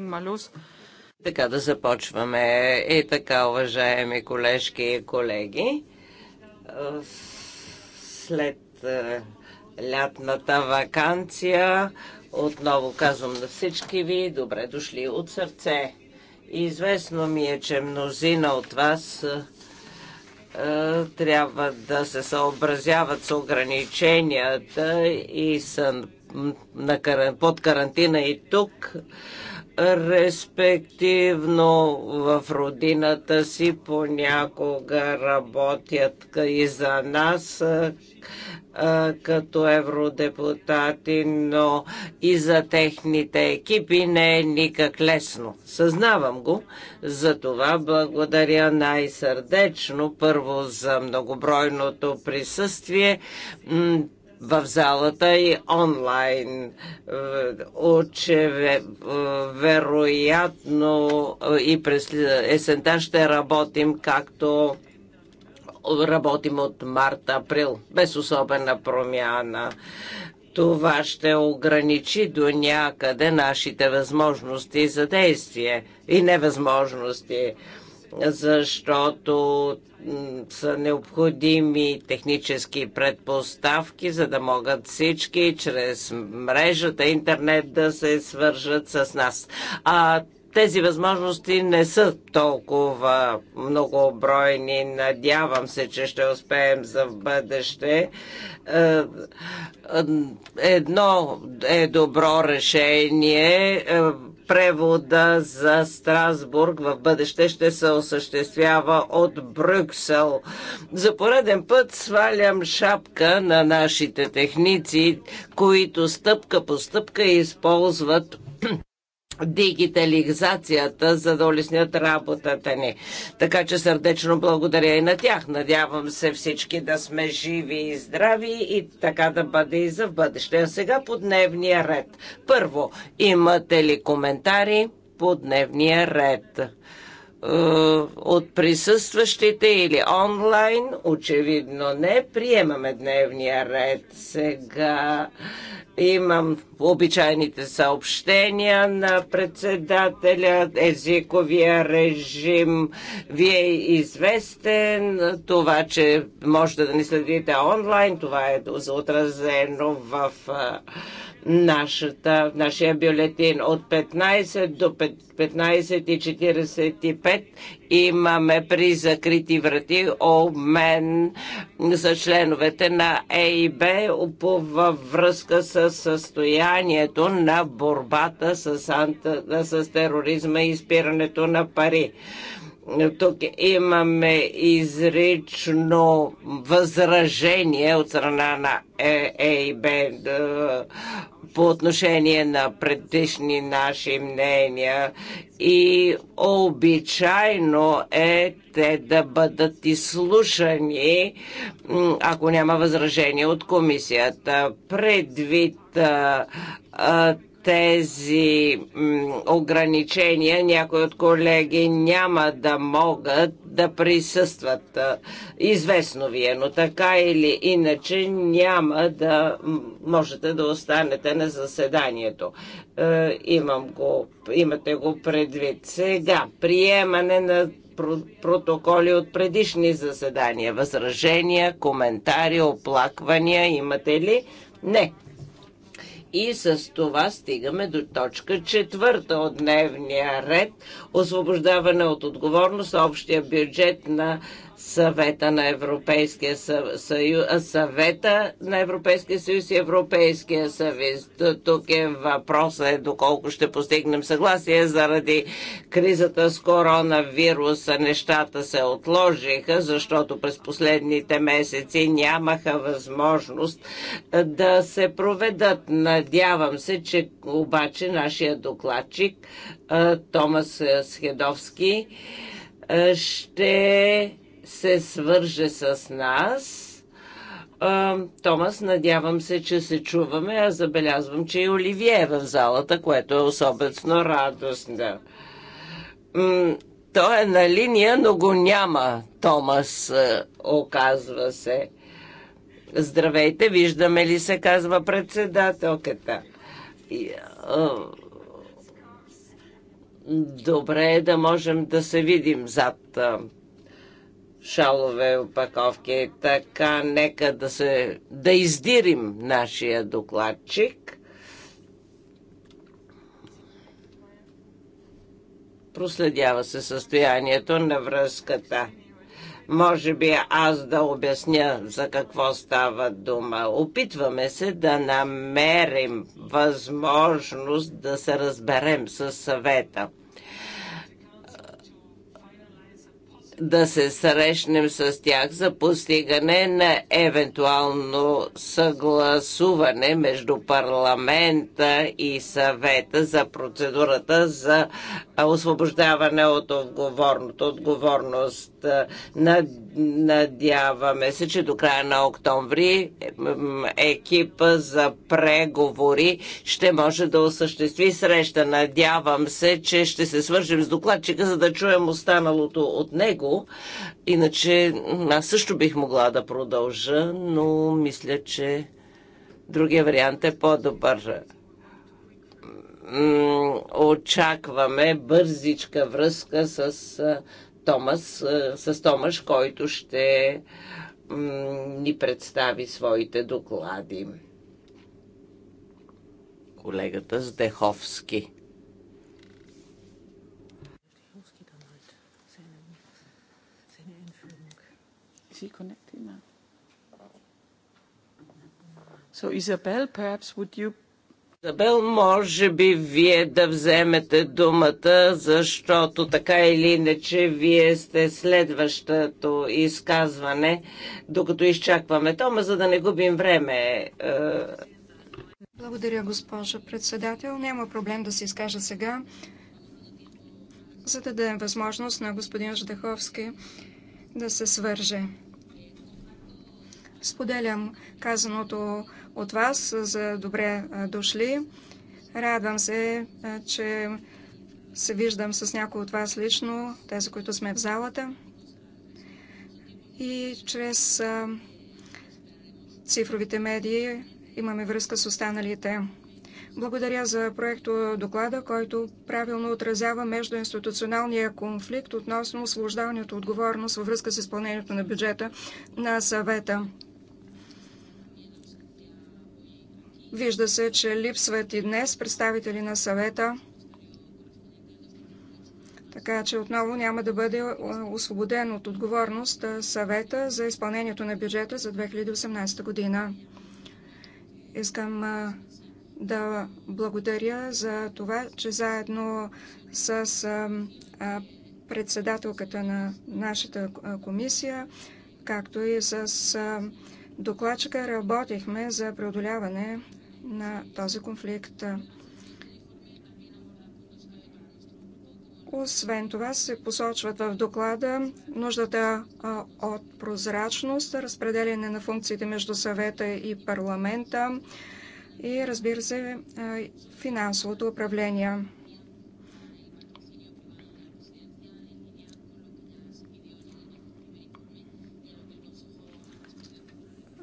малюс. така да започваме. И така, уважаеми колежки и колеги, след е, лятната вакансия, отново казвам на всички ви, добре дошли от сърце. Известно ми е, че мнозина от вас е, е, трябва да се съобразяват с ограниченията и са на, под карантина и тук, респективно в родината си понякога работят и за нас като евродепутати, но и за техните екипи не е никак лесно. Съзнавам го, за това благодаря най-сърдечно първо за многобройното присъствие в залата и онлайн. Е, Оче е, вероятно е, и през есента ще работим както работим от март-април, без особена промяна. Това ще ограничи до някъде нашите възможности за действие и невъзможности защото са необходими технически предпоставки, за да могат всички чрез мрежата, интернет да се свържат с нас. А тези възможности не са толкова многобройни. Надявам се, че ще успеем за в бъдеще. Е, е, едно е добро решение е, превода за Страсбург в бъдеще ще се осъществява от Брюксел. За пореден път свалям шапка на нашите техници, които стъпка по стъпка използват дигитализацията, за да улеснят работата ни. Така че сърдечно благодаря и на тях. Надявам се всички да сме живи и здрави и така да бъде и за в бъдеще. А сега по дневния ред. Първо, имате ли коментари по дневния ред? Е, от присъстващите или онлайн? Очевидно не. Приемаме дневния ред сега. Имам обичайните съобщения на председателя, езиковия режим. Вие е известен това, че можете да ни следите онлайн. Това е отразено в е, нашата, нашия бюлетин. От 15 до 15.45 имаме при закрити врати обмен за членовете на ЕИБ по във връзка с състоянието на борбата с, анта, с тероризма и спирането на пари. Тук имаме изрично възражение от страна на ЕИБ е е, по отношение на предишни наши мнения и обичайно е те да бъдат изслушани, ако няма възражение от комисията. Предвид тези ограничения някои от колеги няма да могат да присъстват. Известно ви е, но така или иначе няма да можете да останете на заседанието. Е, имам го, имате го предвид. Сега, приемане на протоколи от предишни заседания. Възражения, коментари, оплаквания имате ли? Не. И с това стигаме до точка четвърта от дневния ред – освобождаване от отговорност общия бюджет на съвета на Европейския съюз, съвета на Европейския съюз и Европейския съюз. Тук е въпросът е доколко ще постигнем съгласие заради кризата с коронавируса. Нещата се отложиха, защото през последните месеци нямаха възможност е, да се проведат. Надявам се, че обаче нашия докладчик е, Томас Схедовски е, ще се свърже с нас. Томас, надявам се, че се чуваме. Аз забелязвам, че и Оливие е в залата, което е особено радостно. Той е на линия, но го няма, Томас, оказва се. Здравейте, виждаме ли се, казва председателката. Добре е да можем да се видим зад шалове опаковки. Така, нека да, се, да издирим нашия докладчик. Проследява се състоянието на връзката. Може би аз да обясня за какво става дума. Опитваме се да намерим възможност да се разберем с съвета да се срещнем с тях за постигане на евентуално съгласуване между парламента и съвета за процедурата за освобождаване от отговорност. Надяваме се, че до края на октомври екипа за преговори ще може да осъществи среща. Надявам се, че ще се свържем с докладчика, за да чуем останалото от него. Иначе аз също бих могла да продължа, но мисля, че другия вариант е по-добър очакваме бързичка връзка с Томас, с Томаш, който ще ни представи своите доклади. Колегата Здеховски. Sie connecting now? So Isabel, perhaps would you Изабел, може би вие да вземете думата, защото така или иначе вие сте следващото изказване, докато изчакваме Тома, за да не губим време. Е, Благодаря, госпожа председател. Няма проблем да се изкажа сега, за да дадем възможност на господин Ждаховски да се свърже. Споделям казаното от вас за добре дошли. Радвам се, че се виждам с някои от вас лично, тези, които сме в залата. И чрез цифровите медии имаме връзка с останалите. Благодаря за проекто доклада, който правилно отразява междуинституционалния конфликт относно освобождаването отговорност във връзка с изпълнението на бюджета на съвета. Вижда се, че липсват и днес представители на съвета, така че отново няма да бъде освободен от отговорност съвета за изпълнението на бюджета за 2018 година. Искам да благодаря за това, че заедно с председателката на нашата комисия, както и с докладчика работихме за преодоляване на този конфликт. Освен това се посочват в доклада нуждата от прозрачност, разпределение на функциите между съвета и парламента и разбира се финансовото управление.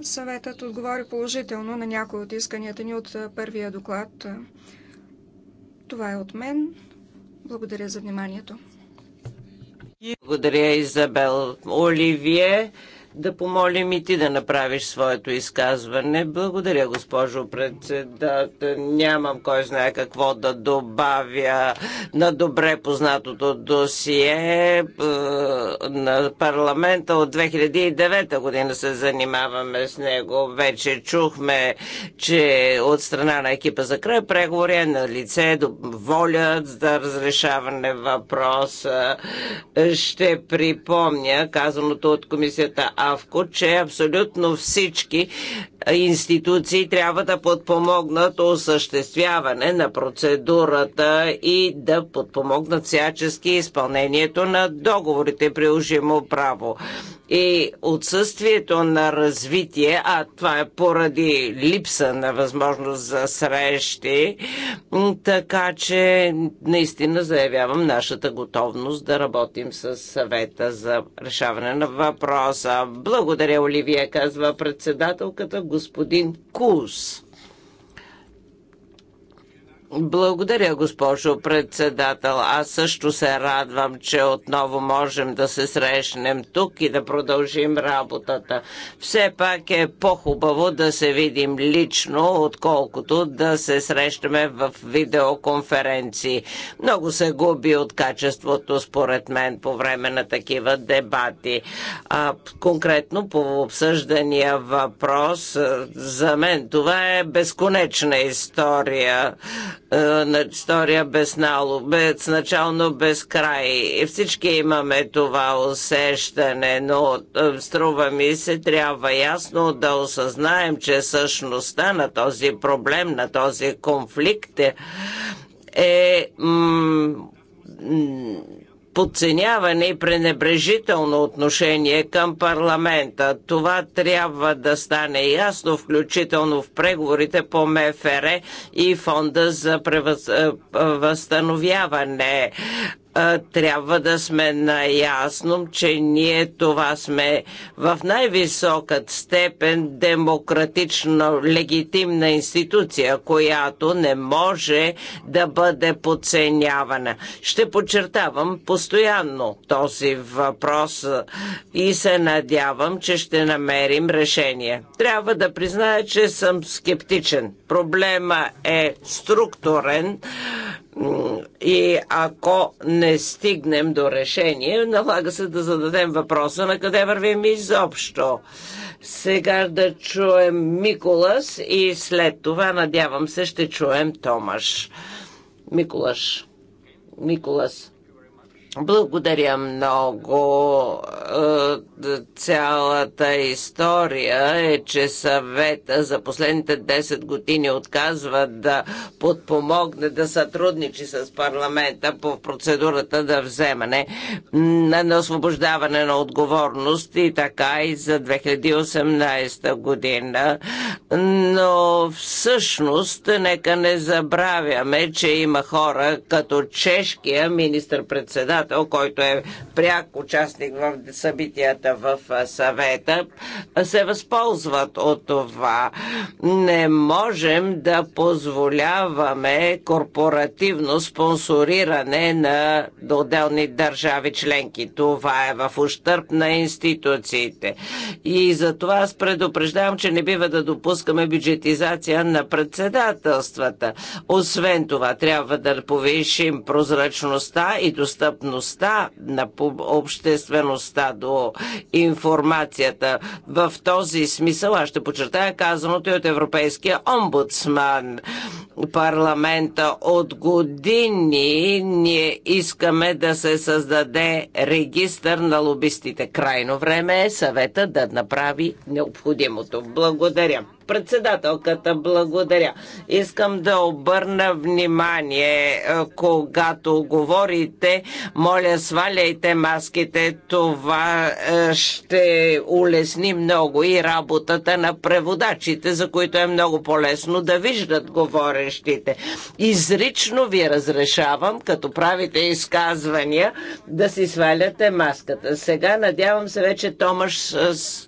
Съветът отговори положително на някои от исканията ни от първия доклад. Това е от мен. Благодаря за вниманието. Благодаря, Изабел. Оливие, да помолим и ти да направиш своето изказване. Благодаря, госпожо председател. Нямам кой знае какво да добавя на добре познатото досие е, на парламента от 2009 година се занимаваме с него. Вече чухме, че от страна на екипа за край преговори е на лице воля за разрешаване въпроса. Е, ще припомня казаното от комисията Авко, че абсолютно всички институции трябва да подпомогнат осъществяване на процедурата и да подпомогнат всячески изпълнението на договорите приложимо право. И отсъствието на развитие, а това е поради липса на възможност за срещи, така че наистина заявявам нашата готовност да работим с съвета за решаване на въпроса. Благодаря, Оливия, казва председателката господин Кус. Благодаря, госпожо председател. Аз също се радвам, че отново можем да се срещнем тук и да продължим работата. Все пак е по-хубаво да се видим лично, отколкото да се срещаме в видеоконференции. Много се губи от качеството, според мен, по време на такива дебати. А, конкретно по обсъждания въпрос, за мен това е безконечна история е, история без, нало, без начално без край. Всички имаме това усещане, но е, струва ми се, трябва ясно да осъзнаем, че същността на този проблем, на този конфликт е, е подценяване и пренебрежително отношение към парламента. Това трябва да стане ясно, включително в преговорите по МФР и Фонда за е, възстановяване трябва да сме наясно, че ние това сме в най-високът степен демократично легитимна институция, която не може да бъде подценявана. Ще подчертавам постоянно този въпрос и се надявам, че ще намерим решение. Трябва да призная, че съм скептичен. Проблема е структурен и ако не стигнем до решение, налага се да зададем въпроса на къде вървим изобщо. Сега да чуем Миколас и след това, надявам се, ще чуем Томаш. Миколаш. Миколас. Благодаря много. Е, цялата история е, че съвета за последните 10 години отказва да подпомогне, да сътрудничи с парламента по процедурата да вземане на освобождаване на отговорност и така и за 2018 година. Но всъщност, нека не забравяме, че има хора като чешкия министр-председател председател, който е пряк участник в събитията в съвета, се възползват от това. Не можем да позволяваме корпоративно спонсориране на отделни държави членки. Това е в ущърп на институциите. И за това аз предупреждавам, че не бива да допускаме бюджетизация на председателствата. Освен това, трябва да повишим прозрачността и достъпността достъпността на обществеността до информацията. В този смисъл аз ще почертая казаното и от Европейския омбудсман. Парламента от години ние искаме да се създаде регистър на лобистите. Крайно време е съвета да направи необходимото. Благодаря. Председателката, благодаря. Искам да обърна внимание, е, когато говорите, моля, сваляйте маските. Това е, ще улесни много и работата на преводачите, за които е много по-лесно да виждат говорещите. Изрично ви разрешавам, като правите изказвания, да си сваляте маската. Сега надявам се вече Томаш с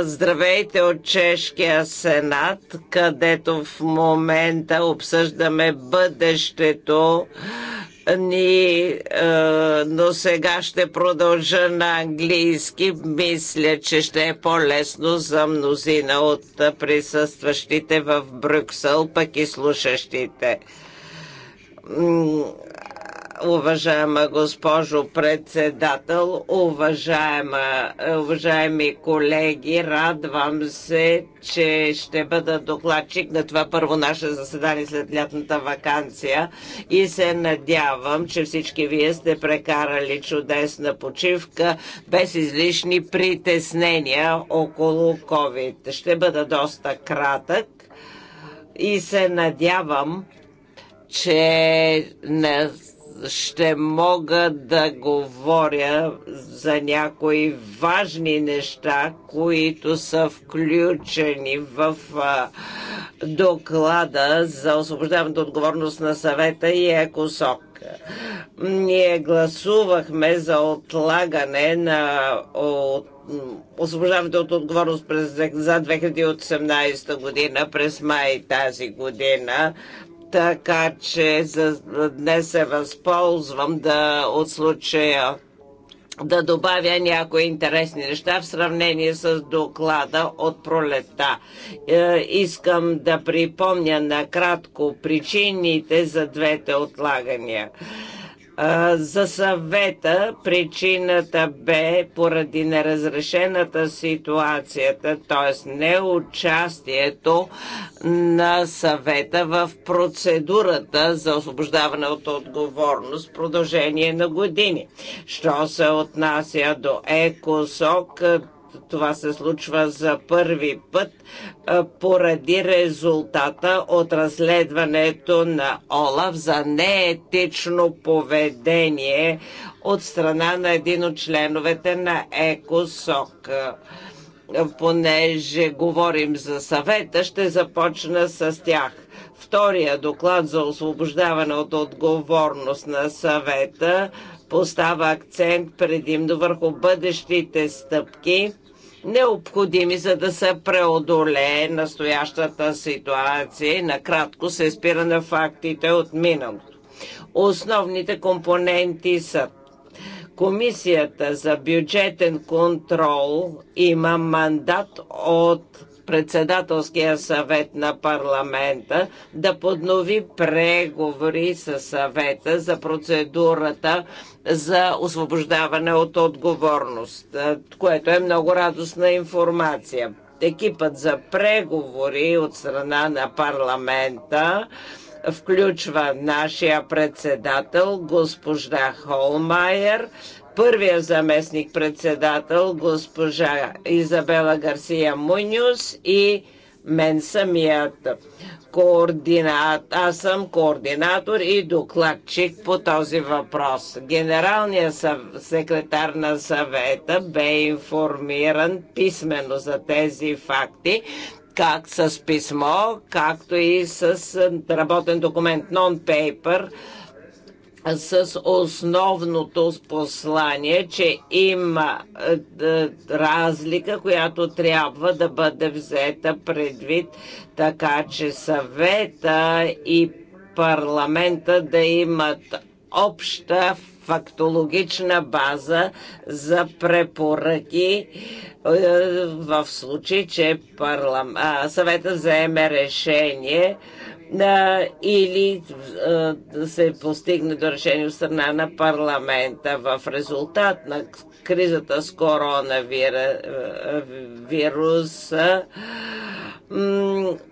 Здравейте от Чешкия сенат, където в момента обсъждаме бъдещето ни, но сега ще продължа на английски. Мисля, че ще е по-лесно за мнозина от присъстващите в Брюксел, пък и слушащите уважаема госпожо председател, уважаема, уважаеми колеги. Радвам се, че ще бъда докладчик на това първо наше заседание след лятната вакансия и се надявам, че всички вие сте прекарали чудесна почивка без излишни притеснения около COVID. Ще бъда доста кратък и се надявам, че не ще мога да говоря за някои важни неща, които са включени в а, доклада за освобождаването отговорност на съвета и ЕКОСОК. Ние гласувахме за отлагане на от освобождаването от отговорност през, за 2018 година, през май тази година, така че за днес се възползвам да от случая да добавя някои интересни неща в сравнение с доклада от пролета. Е, искам да припомня накратко причините за двете отлагания. За съвета причината бе поради неразрешената ситуацията, т.е. неучастието на съвета в процедурата за освобождаване от отговорност в продължение на години. Що се отнася до ЕКОСОК, това се случва за първи път поради резултата от разследването на Олаф за неетично поведение от страна на един от членовете на ЕКОСОК понеже говорим за съвета, ще започна с тях. Втория доклад за освобождаване от отговорност на съвета поставя акцент предимно върху бъдещите стъпки необходими, за да се преодолее настоящата ситуация и накратко се спира на фактите от миналото. Основните компоненти са Комисията за бюджетен контрол има мандат от председателския съвет на парламента да поднови преговори с съвета за процедурата за освобождаване от отговорност, което е много радостна информация. Екипът за преговори от страна на парламента включва нашия председател госпожа Холмайер, първия заместник-председател, госпожа Изабела Гарсия Мунюс и мен самият. координат. Аз съм координатор и докладчик по този въпрос. Генералният секретар на съвета бе информиран писменно за тези факти, как с писмо, както и с работен документ, нон-пейпер, с основното послание, че има е, е, разлика, която трябва да бъде взета предвид, така че съвета и парламента да имат обща фактологична база за препоръки е, в случай, че парлам... съвета вземе решение а, или а, се постигне до решение от страна на парламента в резултат на кризата с коронавируса.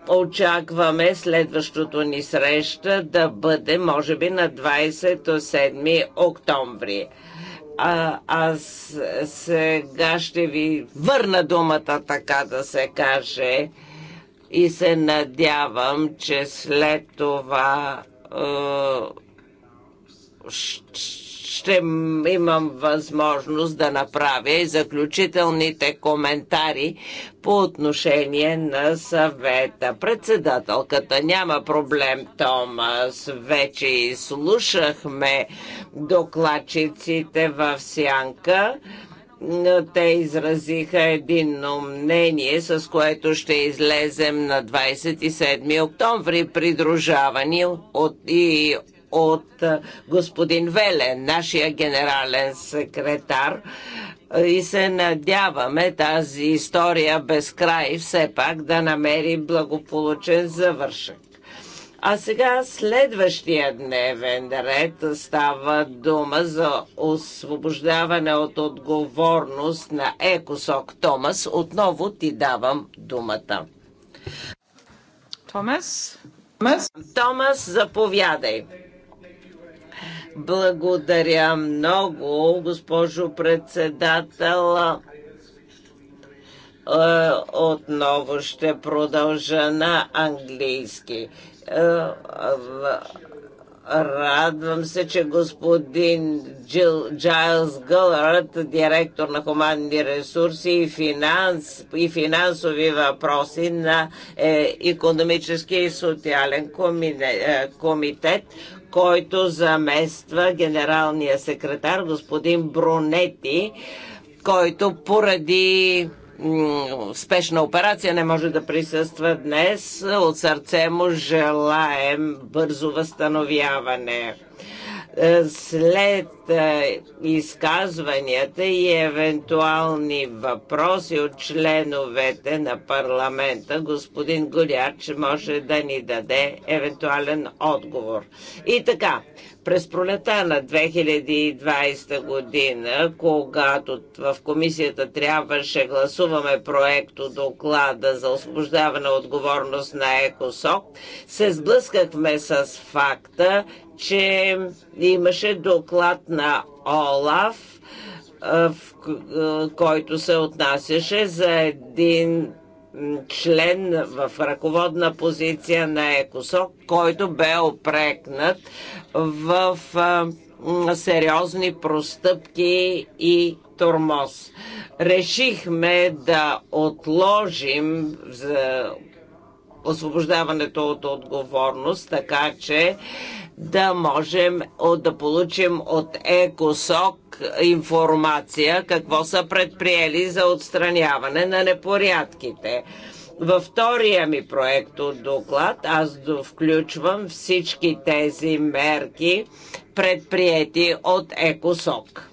Очакваме следващото ни среща да бъде, може би, на 27 октомври. А, аз сега ще ви върна думата, така да се каже и се надявам, че след това е, ще имам възможност да направя и заключителните коментари по отношение на съвета. Председателката няма проблем, Томас. Вече изслушахме докладчиците в сянка те изразиха единно мнение, с което ще излезем на 27 октомври, придружавани от, и от е, господин Велен, нашия генерален секретар. И се надяваме тази история без край все пак да намери благополучен завършък. А сега следващия дневен ред става дума за освобождаване от отговорност на Екосок Томас. Отново ти давам думата. Томас? Томас, заповядай. Благодаря много, госпожо председател. Е, отново ще продължа на английски. Е, е, радвам се, че господин Джил, Джайлс Гълърт, директор на хуманни ресурси и, финанс, и финансови въпроси на е, економическия и социален е, комитет, който замества генералния секретар господин Бронети, който поради спешна операция не може да присъства днес. От сърце му желаем бързо възстановяване. Е, след е, изказванията и евентуални въпроси от членовете на парламента, господин Голяч може да ни даде евентуален отговор. И така, през пролета на 2020 година, когато в комисията трябваше гласуваме проекто доклада за освобождаване отговорност на ЕКОСОК, се сблъскахме с факта, че имаше доклад на ОЛАФ, в който се отнасяше за един член в ръководна позиция на ЕКОСОК, който бе опрекнат в сериозни простъпки и тормоз. Решихме да отложим за освобождаването от отговорност, така че да можем да получим от ЕКОСОК информация какво са предприели за отстраняване на непорядките. Във втория ми проект от доклад аз включвам всички тези мерки, предприяти от ЕКОСОК.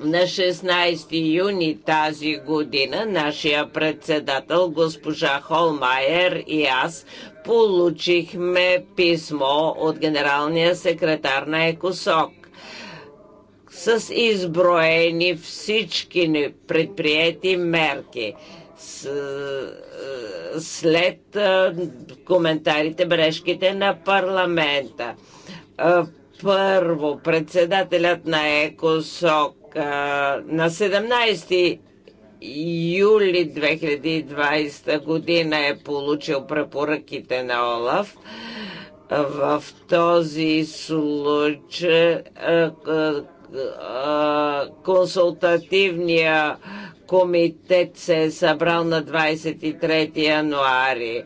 На 16 юни тази година нашия председател госпожа Холмайер и аз получихме писмо от генералния секретар на ЕКОСОК с изброени всички предприяти мерки е, след е, коментарите, брешките на парламента. Е, първо, председателят на ЕКОСОК на 17 юли 2020 година е получил препоръките на Олаф. В този случай консултативния комитет се е събрал на 23 януари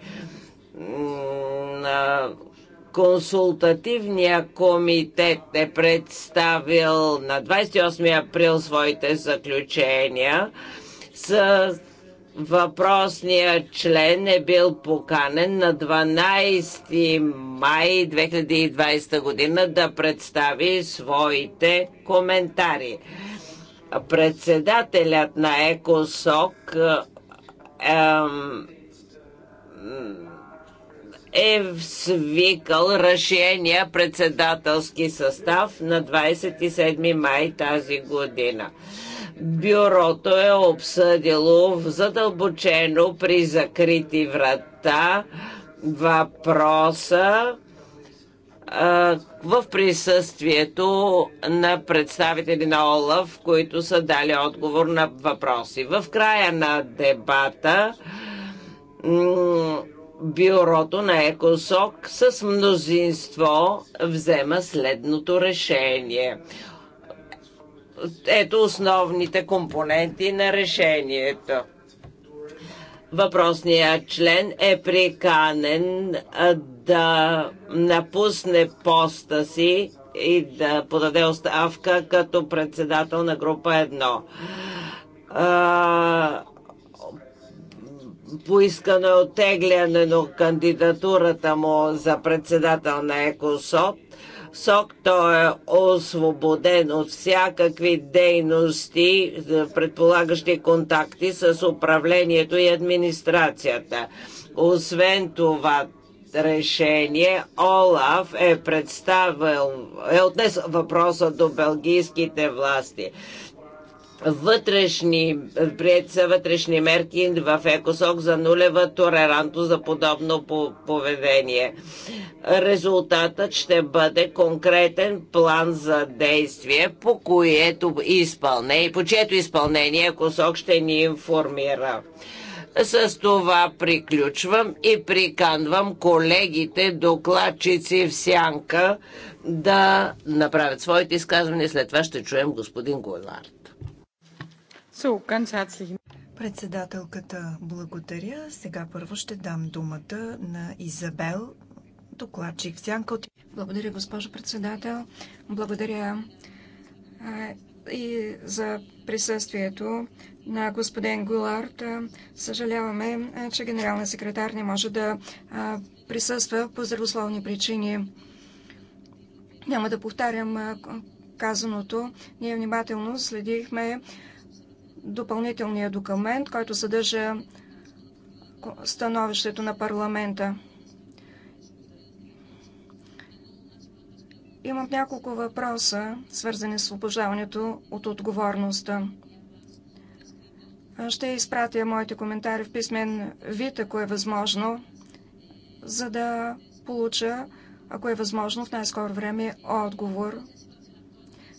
Консултативният комитет е представил на 28 април своите заключения с въпросният член е бил поканен на 12 май 2020 година да представи своите коментари. Председателят на ЕКОСОК е, е свикал решения председателски състав на 27 май тази година. Бюрото е обсъдило задълбочено при закрити врата въпроса в присъствието на представители на ОЛАВ, които са дали отговор на въпроси. В края на дебата бюрото на ЕКОСОК с мнозинство взема следното решение. Ето основните компоненти на решението. Въпросният член е приканен да напусне поста си и да подаде оставка като председател на група 1 поискано е оттегляне на кандидатурата му за председател на ЕКОСОП. СОК той е освободен от всякакви дейности, предполагащи контакти с управлението и администрацията. Освен това, решение, Олаф е представил, е отнес въпроса до белгийските власти вътрешни, прият са вътрешни мерки в ЕКОСОК за нулева толеранто за подобно поведение. Резултатът ще бъде конкретен план за действие, по което изпълнение, по чието изпълнение ЕКОСОК ще ни информира. С това приключвам и приканвам колегите, докладчици в сянка да направят своите изказвания. След това ще чуем господин Гойлард. Председателката благодаря. Сега първо ще дам думата на Изабел, докладчик в Благодаря, госпожо председател. Благодаря и за присъствието на господин Гулард. Съжаляваме, че генералният секретар не може да присъства по здравословни причини. Няма да повтарям казаното. Ние внимателно следихме допълнителния документ, който съдържа становището на парламента. Имам няколко въпроса, свързани с освобождаването от отговорността. Ще изпратя моите коментари в писмен вид, ако е възможно, за да получа, ако е възможно, в най-скоро време отговор.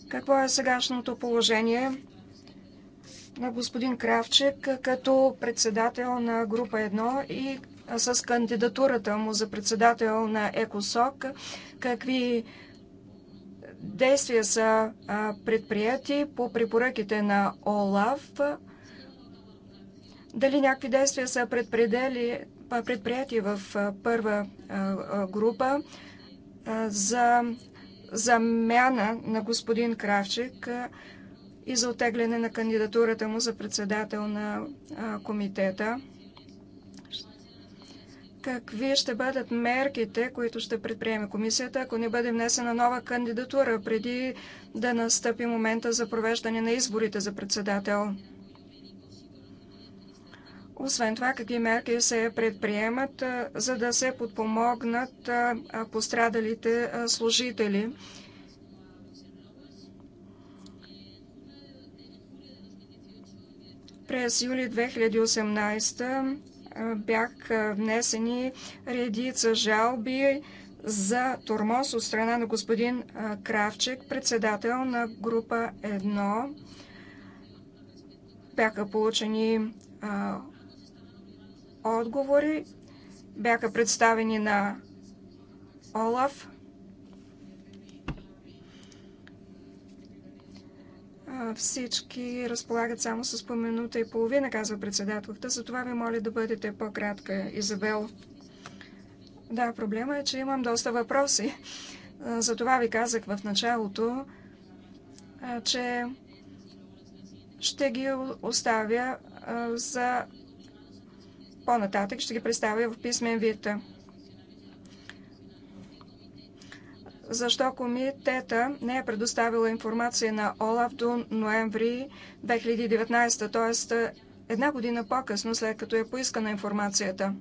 Какво е сегашното положение на господин Кравчек като председател на група 1 и с кандидатурата му за председател на ЕКОСОК, какви действия са предприяти по препоръките на ОЛАВ, дали някакви действия са предприяти в първа група за замяна на господин Кравчек и за отегляне на кандидатурата му за председател на комитета. Какви ще бъдат мерките, които ще предприеме комисията, ако не бъде внесена нова кандидатура преди да настъпи момента за провеждане на изборите за председател? Освен това, какви мерки се предприемат, за да се подпомогнат пострадалите служители? През юли 2018 бях внесени редица жалби за тормоз от страна на господин Кравчек, председател на група 1. Бяха получени отговори, бяха представени на Олаф Всички разполагат само с по минута и половина, казва председателката. Затова ви моля да бъдете по-кратка, Изабел. Да, проблема е, че имам доста въпроси. Затова ви казах в началото, че ще ги оставя за по-нататък, ще ги представя в писмен вид. защо комитета не е предоставила информация на ОЛАФ до ноември 2019, т.е. една година по-късно, след като е поискана информацията.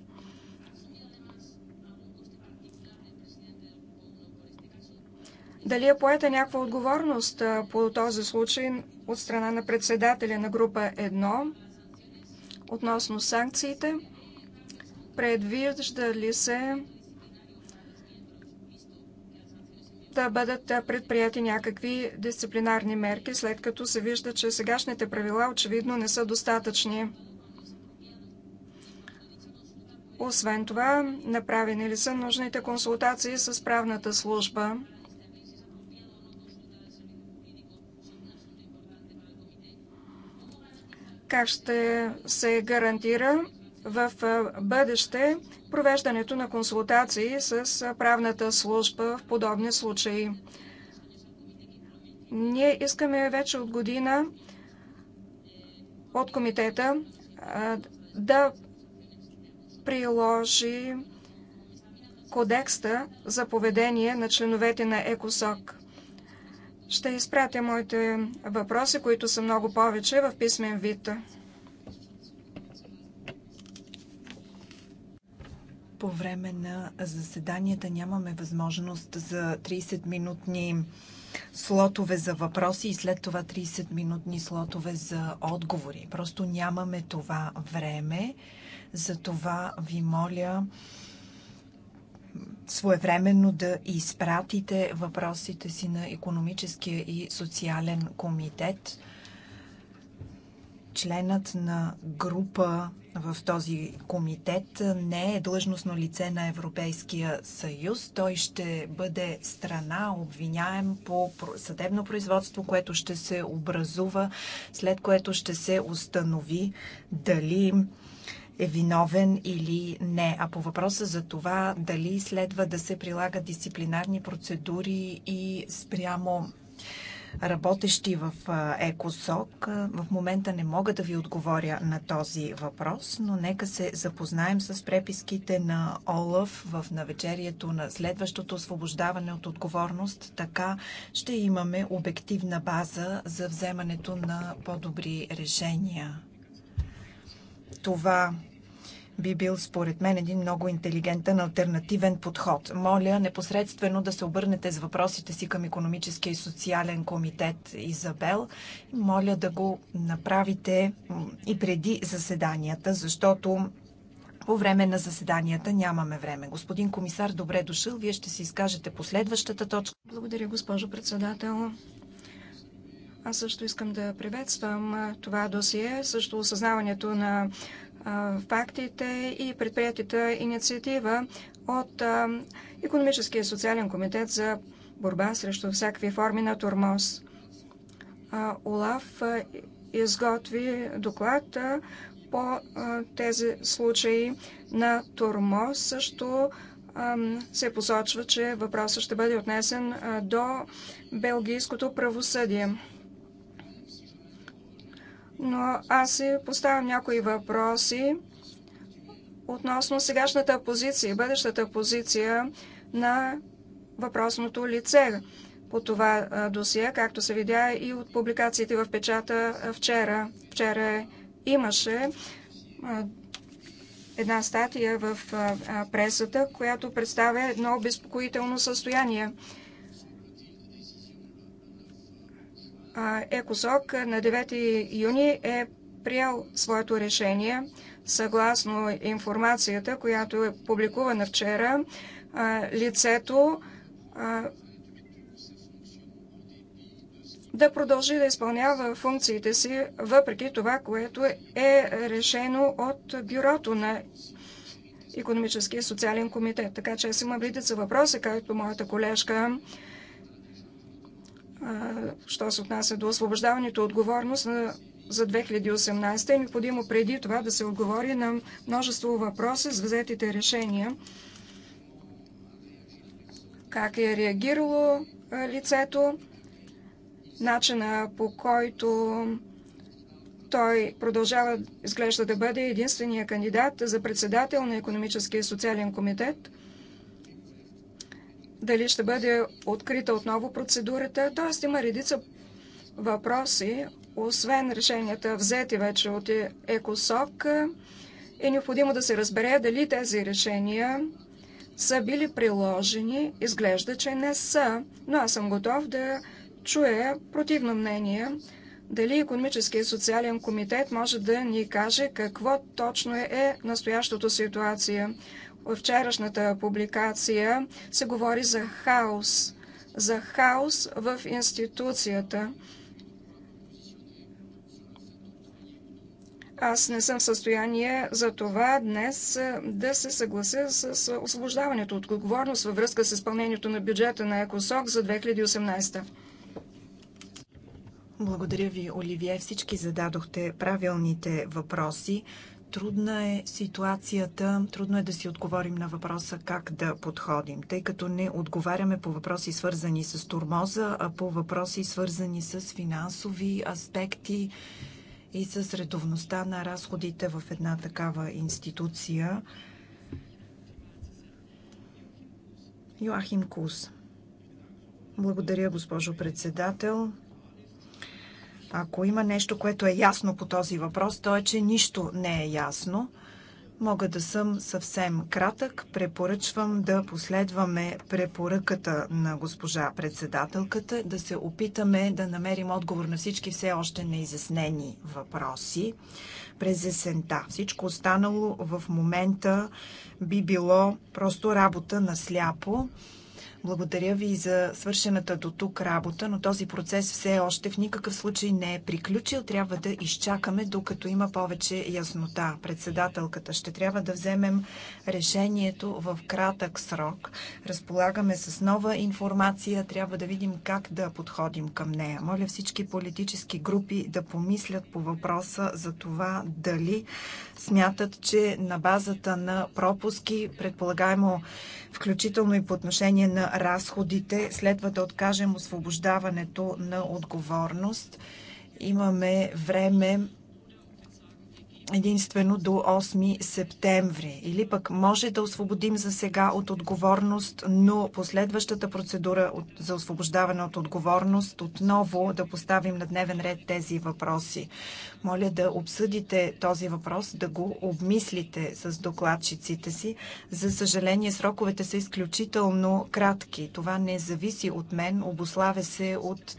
Дали е поета някаква отговорност по този случай от страна на председателя на група 1 относно санкциите? Предвижда ли се да бъдат предприяти някакви дисциплинарни мерки, след като се вижда, че сегашните правила очевидно не са достатъчни. Освен това, направени ли са нужните консултации с правната служба? Как ще се гарантира в бъдеще провеждането на консултации с правната служба в подобни случаи. Ние искаме вече от година от комитета да приложи кодекста за поведение на членовете на ЕКОСОК. Ще изпратя моите въпроси, които са много повече в писмен вид. по време на заседанията нямаме възможност за 30-минутни слотове за въпроси и след това 30-минутни слотове за отговори. Просто нямаме това време. Затова ви моля своевременно да изпратите въпросите си на економическия и социален комитет. Членът на група в този комитет не е длъжностно лице на Европейския съюз. Той ще бъде страна, обвиняем по съдебно производство, което ще се образува, след което ще се установи дали е виновен или не. А по въпроса за това дали следва да се прилагат дисциплинарни процедури и спрямо работещи в ЕКОСОК. В момента не мога да ви отговоря на този въпрос, но нека се запознаем с преписките на Олаф в навечерието на следващото освобождаване от отговорност. Така ще имаме обективна база за вземането на по-добри решения. Това би бил според мен един много интелигентен альтернативен подход. Моля непосредствено да се обърнете с въпросите си към економическия и социален комитет Изабел. Моля да го направите и преди заседанията, защото по време на заседанията нямаме време. Господин комисар, добре дошъл. Вие ще си изкажете последващата точка. Благодаря, госпожо председател. Аз също искам да приветствам това досие, също осъзнаването на фактите и предприятията инициатива от Економическия и социален комитет за борба срещу всякакви форми на тормоз. Олаф изготви доклад по тези случаи на тормоз. Също се посочва, че въпросът ще бъде отнесен до белгийското правосъдие но аз си поставям някои въпроси относно сегашната позиция, бъдещата позиция на въпросното лице по това досие, както се видя и от публикациите в печата вчера. Вчера имаше една статия в пресата, която представя едно обезпокоително състояние. ЕКОСОК на 9 юни е приел своето решение. Съгласно информацията, която е публикувана вчера, лицето да продължи да изпълнява функциите си, въпреки това, което е решено от бюрото на Економическия и социален комитет. Така че аз имам редица въпроси, както моята колежка що се отнася до освобождаването отговорност за 2018 е необходимо преди това да се отговори на множество въпроси с взетите решения. Как е реагирало лицето, начина по който той продължава, изглежда да бъде единствения кандидат за председател на економическия и социален комитет – дали ще бъде открита отново процедурата. Тоест има редица въпроси, освен решенията взети вече от ЕКОСОК, е необходимо да се разбере дали тези решения са били приложени. Изглежда, че не са, но аз съм готов да чуя противно мнение дали Економическия и социален комитет може да ни каже какво точно е настоящото ситуация. Във вчерашната публикация се говори за хаос. За хаос в институцията. Аз не съм в състояние за това днес да се съглася с освобождаването от отговорност във връзка с изпълнението на бюджета на ЕКОСОК за 2018. Благодаря ви, Оливие. Всички зададохте правилните въпроси. Трудна е ситуацията, трудно е да си отговорим на въпроса как да подходим, тъй като не отговаряме по въпроси свързани с турмоза, а по въпроси свързани с финансови аспекти и с редовността на разходите в една такава институция. Йоахим Кус. Благодаря, госпожо председател. Ако има нещо, което е ясно по този въпрос, то е, че нищо не е ясно. Мога да съм съвсем кратък. Препоръчвам да последваме препоръката на госпожа председателката, да се опитаме да намерим отговор на всички все още неизяснени въпроси през есента. Всичко останало в момента би било просто работа на сляпо. Благодаря ви за свършената до тук работа, но този процес все още в никакъв случай не е приключил. Трябва да изчакаме, докато има повече яснота. Председателката ще трябва да вземем решението в кратък срок. Разполагаме с нова информация. Трябва да видим как да подходим към нея. Моля всички политически групи да помислят по въпроса за това дали смятат, че на базата на пропуски, предполагаемо включително и по отношение на разходите, следва да откажем освобождаването на отговорност. Имаме време единствено до 8 септември. Или пък може да освободим за сега от отговорност, но последващата процедура за освобождаване от отговорност отново да поставим на дневен ред тези въпроси. Моля да обсъдите този въпрос, да го обмислите с докладчиците си. За съжаление, сроковете са изключително кратки. Това не зависи от мен, обославя се от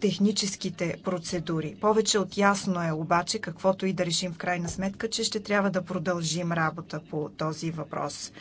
техническите процедури. Повече от ясно е обаче, каквото и да решим в крайна сметка, че ще трябва да продължим работа по този въпрос.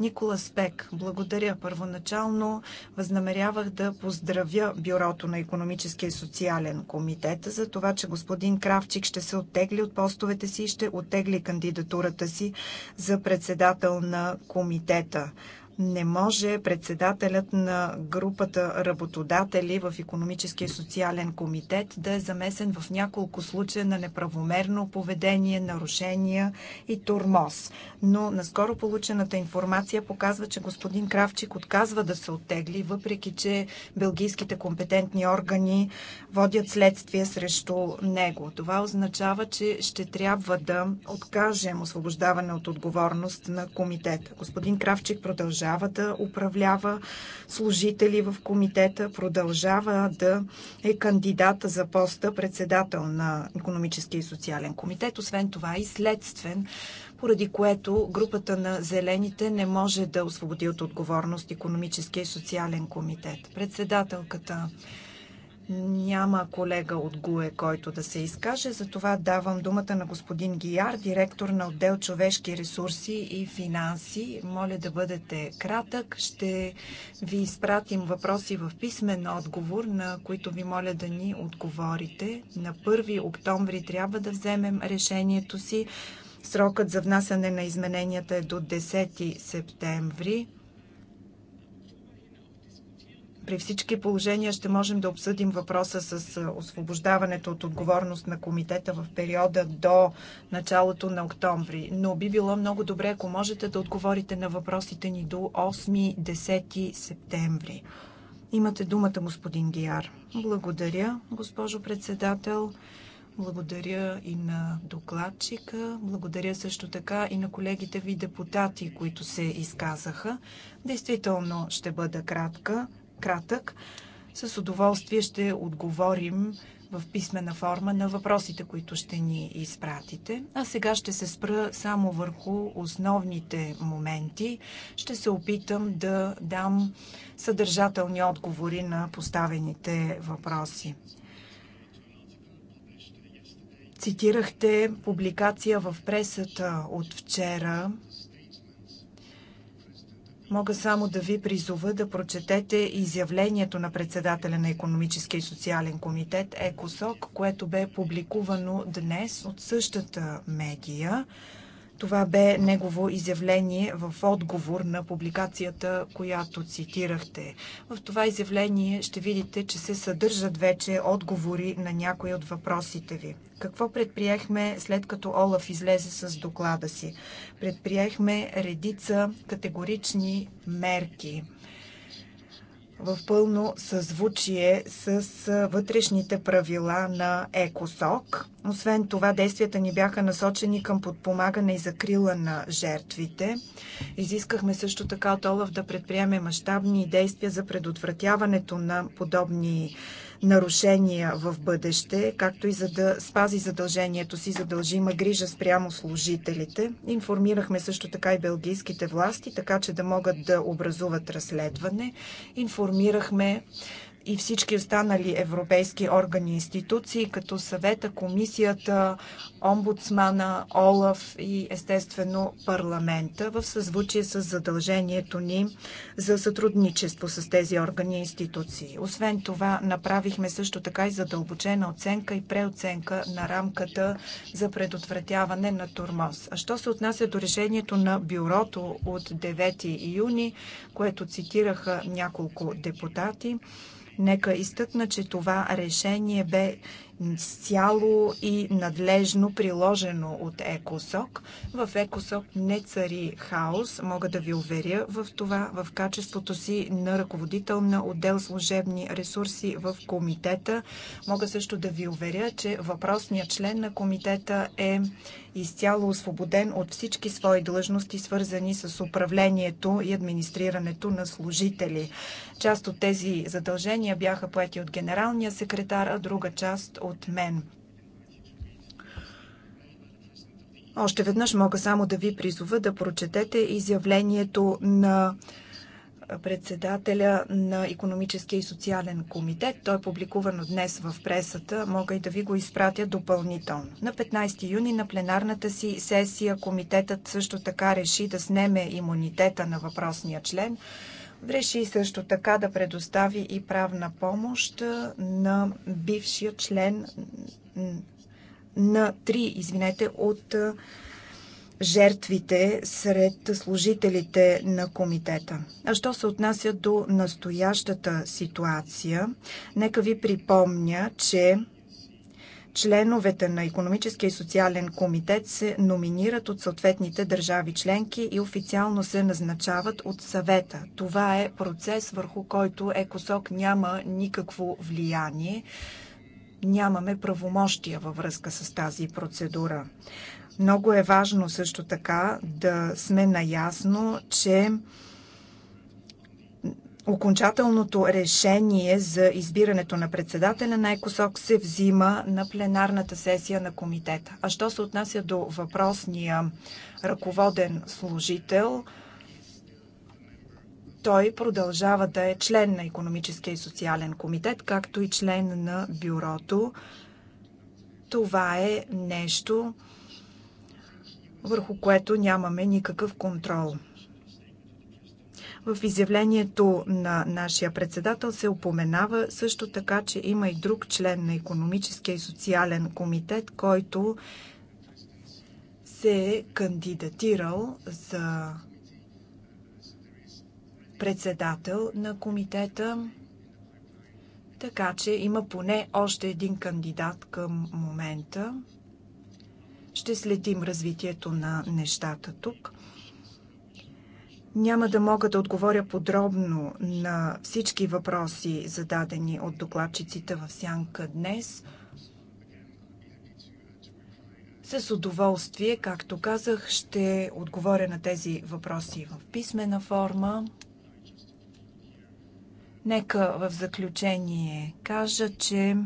Никола Спек, благодаря. Първоначално възнамерявах да поздравя Бюрото на економическия и социален комитет за това, че господин Кравчик ще се оттегли от постовете си и ще оттегли кандидатурата си за председател на комитета не може председателят на групата работодатели в Економическия и социален комитет да е замесен в няколко случая на неправомерно поведение, нарушения и турмоз. Но наскоро получената информация показва, че господин Кравчик отказва да се оттегли, въпреки че белгийските компетентни органи водят следствие срещу него. Това означава, че ще трябва да откажем освобождаване от отговорност на комитета. Господин Кравчик продължава продължава да управлява служители в комитета, продължава да е кандидата за поста председател на Економическия и социален комитет. Освен това и следствен поради което групата на зелените не може да освободи от отговорност економическия и социален комитет. Председателката няма колега от ГУЕ, който да се изкаже, затова давам думата на господин Гияр, директор на отдел човешки ресурси и финанси. Моля да бъдете кратък. Ще ви изпратим въпроси в писмен отговор, на които ви моля да ни отговорите. На 1 октомври трябва да вземем решението си. Срокът за внасяне на измененията е до 10 септември. При всички положения ще можем да обсъдим въпроса с освобождаването от отговорност на комитета в периода до началото на октомври. Но би било много добре, ако можете да отговорите на въпросите ни до 8-10 септември. Имате думата, господин Диар. Благодаря, госпожо председател. Благодаря и на докладчика, благодаря също така и на колегите ви депутати, които се изказаха. Действително ще бъда кратка кратък. С удоволствие ще отговорим в писмена форма на въпросите, които ще ни изпратите. А сега ще се спра само върху основните моменти. Ще се опитам да дам съдържателни отговори на поставените въпроси. Цитирахте публикация в пресата от вчера Мога само да ви призова да прочетете изявлението на председателя на Економическия и социален комитет ЕКОСОК, което бе публикувано днес от същата медия. Това бе негово изявление в отговор на публикацията, която цитирахте. В това изявление ще видите, че се съдържат вече отговори на някои от въпросите ви. Какво предприехме след като Олаф излезе с доклада си? Предприехме редица категорични мерки в пълно съзвучие с вътрешните правила на ЕКОСОК. Освен това, действията ни бяха насочени към подпомагане и закрила на жертвите. Изискахме също така от Олаф да предприеме мащабни действия за предотвратяването на подобни нарушения в бъдеще, както и за да спази задължението си за дължима грижа спрямо служителите. Информирахме също така и белгийските власти, така че да могат да образуват разследване. Информирахме и всички останали европейски органи и институции, като съвета, комисията, омбудсмана, ОЛАФ и естествено парламента в съзвучие с задължението ни за сътрудничество с тези органи и институции. Освен това, направихме също така и задълбочена оценка и преоценка на рамката за предотвратяване на турмоз. А що се отнася до решението на бюрото от 9 юни, което цитираха няколко депутати, Нека изтъкна, че това решение бе изцяло и надлежно приложено от ЕКОСОК. В ЕКОСОК не цари хаос, мога да ви уверя в това, в качеството си на ръководител на отдел служебни ресурси в комитета. Мога също да ви уверя, че въпросният член на комитета е изцяло освободен от всички свои длъжности, свързани с управлението и администрирането на служители. Част от тези задължения бяха поети от генералния секретар, а друга част от мен. Още веднъж мога само да ви призова да прочетете изявлението на председателя на Економическия и социален комитет. Той е публикувано днес в пресата. Мога и да ви го изпратя допълнително. На 15 юни на пленарната си сесия комитетът също така реши да снеме имунитета на въпросния член реши също така да предостави и правна помощ на бившия член на три, извинете, от жертвите сред служителите на комитета. А що се отнася до настоящата ситуация, нека ви припомня, че Членовете на Економическия и социален комитет се номинират от съответните държави членки и официално се назначават от съвета. Това е процес, върху който ЕКОСОК няма никакво влияние. Нямаме правомощия във връзка с тази процедура. Много е важно също така да сме наясно, че окончателното решение за избирането на председателя на ЕКОСОК се взима на пленарната сесия на комитета. А що се отнася до въпросния ръководен служител, той продължава да е член на Економическия и социален комитет, както и член на бюрото. Това е нещо, върху което нямаме никакъв контрол. В изявлението на нашия председател се упоменава също така, че има и друг член на економическия и социален комитет, който се е кандидатирал за председател на комитета, така че има поне още един кандидат към момента. Ще следим развитието на нещата тук. Няма да мога да отговоря подробно на всички въпроси, зададени от докладчиците в Сянка днес. С удоволствие, както казах, ще отговоря на тези въпроси в писмена форма. Нека в заключение кажа, че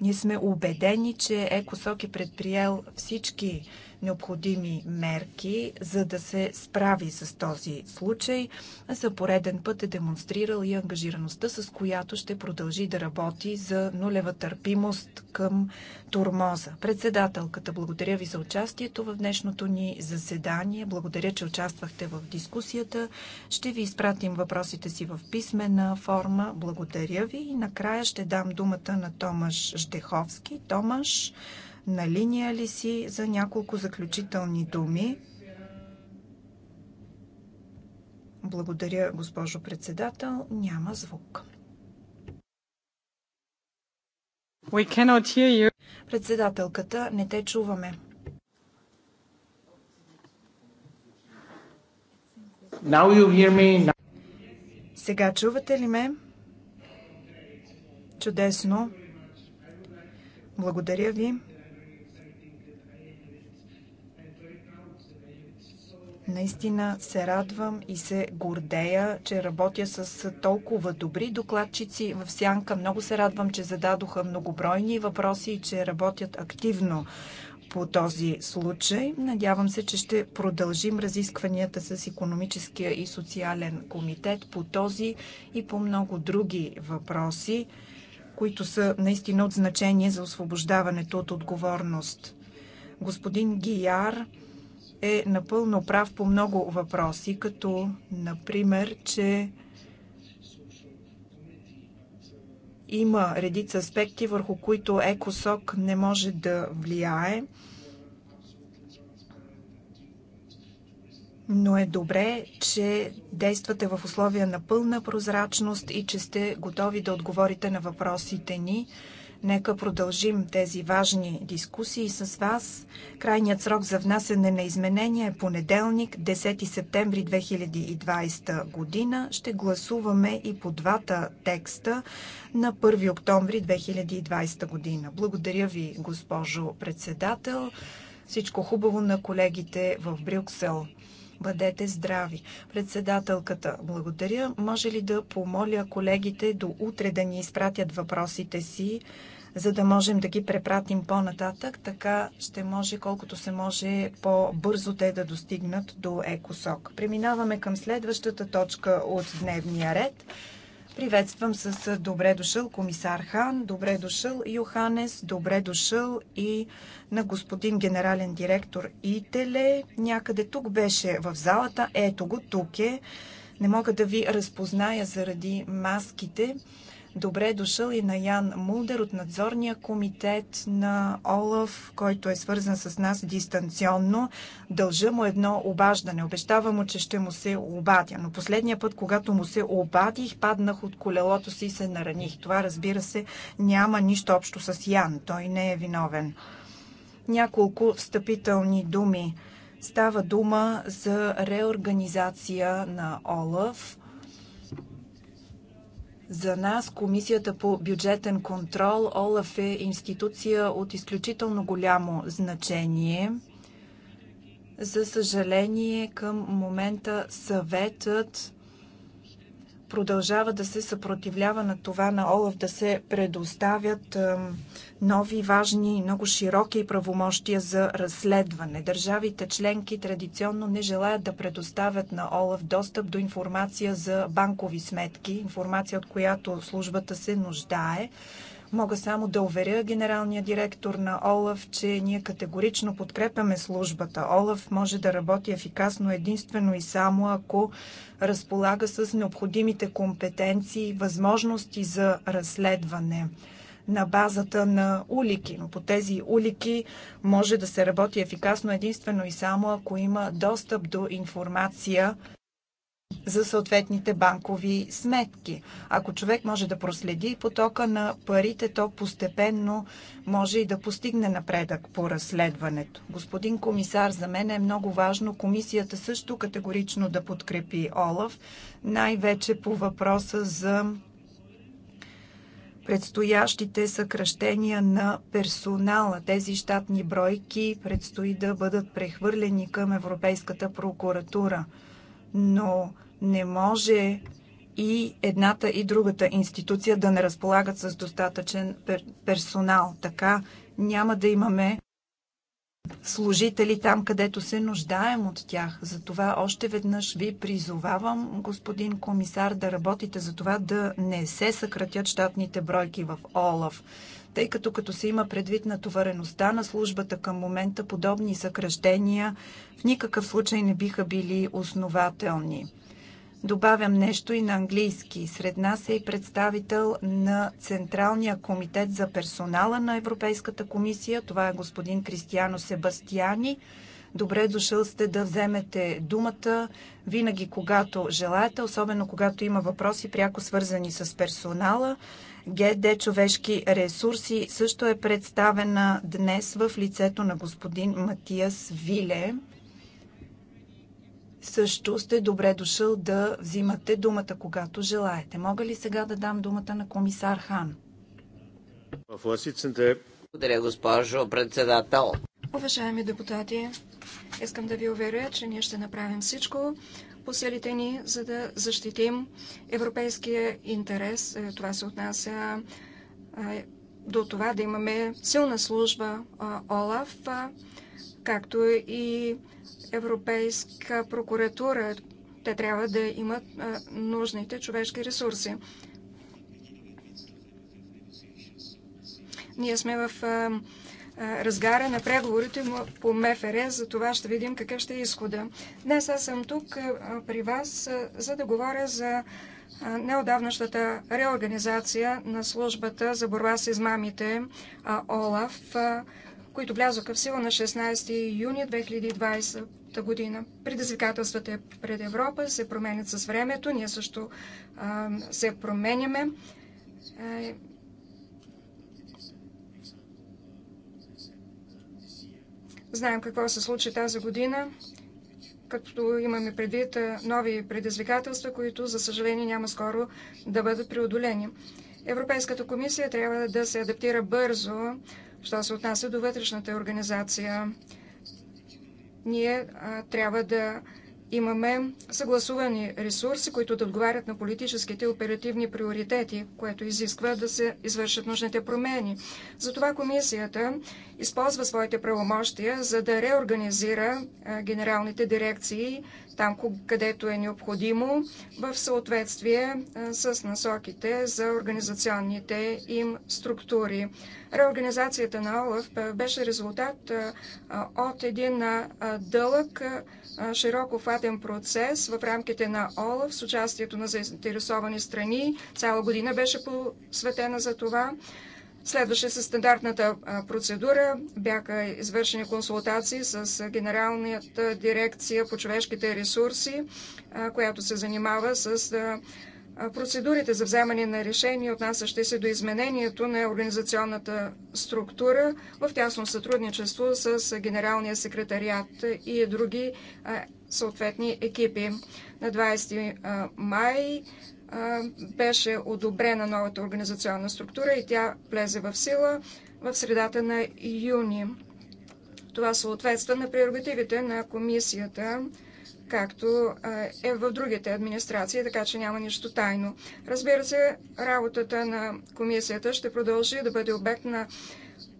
ние сме убедени, че ЕКОСОК е предприел всички необходими мерки, за да се справи с този случай. За пореден път е демонстрирал и ангажираността, с която ще продължи да работи за нулева търпимост към турмоза. Председателката, благодаря ви за участието в днешното ни заседание. Благодаря, че участвахте в дискусията. Ще ви изпратим въпросите си в писмена форма. Благодаря ви и накрая ще дам думата на Томаш Ждеховски. Томаш, на линия ли си за няколко заключителни думи? Благодаря, госпожо председател. Няма звук. We cannot hear you. Председателката, не те чуваме. Now you hear me. Сега чувате ли ме? Чудесно. Благодаря ви. Наистина се радвам и се гордея, че работя с толкова добри докладчици в Сянка. Много се радвам, че зададоха многобройни въпроси и че работят активно по този случай. Надявам се, че ще продължим разискванията с економическия и социален комитет по този и по много други въпроси, които са наистина от значение за освобождаването от отговорност. Господин Гияр, е напълно прав по много въпроси, като например, че има редица аспекти, върху които ЕКОСОК не може да влияе. но е добре, че действате в условия на пълна прозрачност и че сте готови да отговорите на въпросите ни. Нека продължим тези важни дискусии с вас. Крайният срок за внасене на изменения е понеделник, 10 септември 2020 година. Ще гласуваме и по двата текста на 1 октомври 2020 година. Благодаря ви, госпожо председател. Всичко хубаво на колегите в Брюксел. Бъдете здрави. Председателката, благодаря. Може ли да помоля колегите до утре да ни изпратят въпросите си? за да можем да ги препратим по-нататък. Така ще може колкото се може по-бързо те да достигнат до ЕКОСОК. Преминаваме към следващата точка от дневния ред. Приветствам с добре дошъл комисар Хан, добре дошъл Йоханес, добре дошъл и на господин генерален директор Ителе. Някъде тук беше в залата. Ето го, тук е. Не мога да ви разпозная заради маските. Добре е дошъл и на Ян Мулдер от надзорния комитет на ОЛАФ, който е свързан с нас дистанционно. Дължа му едно обаждане. Обещава му, че ще му се обадя. Но последния път, когато му се обадих, паднах от колелото си и се нараних. Това, разбира се, няма нищо общо с Ян. Той не е виновен. Няколко встъпителни думи. Става дума за реорганизация на ОЛАФ – за нас Комисията по бюджетен контрол ОЛАФ е институция от изключително голямо значение. За съжаление, към момента съветът продължава да се съпротивлява на това на Олаф да се предоставят нови, важни и много широки правомощия за разследване. Държавите членки традиционно не желаят да предоставят на Олаф достъп до информация за банкови сметки, информация от която службата се нуждае. Мога само да уверя генералния директор на ОЛАФ, че ние категорично подкрепяме службата. ОЛАФ може да работи ефикасно единствено и само ако разполага с необходимите компетенции, възможности за разследване на базата на улики. Но по тези улики може да се работи ефикасно единствено и само ако има достъп до информация за съответните банкови сметки. Ако човек може да проследи потока на парите, то постепенно може и да постигне напредък по разследването. Господин комисар, за мен е много важно комисията също категорично да подкрепи Олаф, най-вече по въпроса за предстоящите съкръщения на персонала. Тези щатни бройки предстои да бъдат прехвърлени към Европейската прокуратура. Но не може и едната и другата институция да не разполагат с достатъчен пер персонал. Така няма да имаме служители там, където се нуждаем от тях. Затова още веднъж ви призовавам, господин комисар, да работите за това да не се съкратят щатните бройки в ОЛАФ. Тъй като като се има предвид натовареността на службата към момента, подобни съкръщения в никакъв случай не биха били основателни. Добавям нещо и на английски. Сред нас е и представител на Централния комитет за персонала на Европейската комисия. Това е господин Кристиано Себастияни. Добре дошъл сте да вземете думата винаги, когато желаете, особено когато има въпроси пряко свързани с персонала. ГД Човешки ресурси също е представена днес в лицето на господин Матиас Виле също сте добре дошъл да взимате думата, когато желаете. Мога ли сега да дам думата на комисар Хан? Благодаря, госпожо председател. Уважаеми депутати, искам да ви уверя, че ние ще направим всичко по силите ни, за да защитим европейския интерес. Е, това се отнася е, до това да имаме силна служба е, ОЛАФ, както и Европейска прокуратура. Те трябва да имат нужните човешки ресурси. Ние сме в разгара на преговорите по МФР, за това ще видим какъв ще е изхода. Днес аз съм тук при вас, за да говоря за неодавнащата реорганизация на службата за борба с измамите ОЛАФ, които влязоха в сила на 16 юни 2020 следващата година. Предизвикателствата пред Европа се променят с времето. Ние също се променяме. Е, знаем какво се случи тази година, като имаме предвид нови предизвикателства, които, за съжаление, няма скоро да бъдат преодолени. Европейската комисия трябва да се адаптира бързо, що се отнася до вътрешната организация ние а, трябва да имаме съгласувани ресурси, които да отговарят на политическите и оперативни приоритети, което изисква да се извършат нужните промени. Затова комисията използва своите правомощия, за да реорганизира генералните дирекции там, където е необходимо, в съответствие с насоките за организационните им структури. Реорганизацията на ОЛАФ беше резултат от един дълъг, широко фатен процес в рамките на ОЛАФ с участието на заинтересовани страни. Цяла година беше посветена за това. Следваше се стандартната процедура. Бяха извършени консултации с Генералната дирекция по човешките ресурси, която се занимава с процедурите за вземане на решения, отнасящи се до изменението на организационната структура в тясно сътрудничество с Генералния секретариат и други съответни екипи. На 20 май беше одобрена новата организационна структура и тя влезе в сила в средата на юни. Това съответства на прерогативите на комисията, както е в другите администрации, така че няма нищо тайно. Разбира се, работата на комисията ще продължи да бъде обект на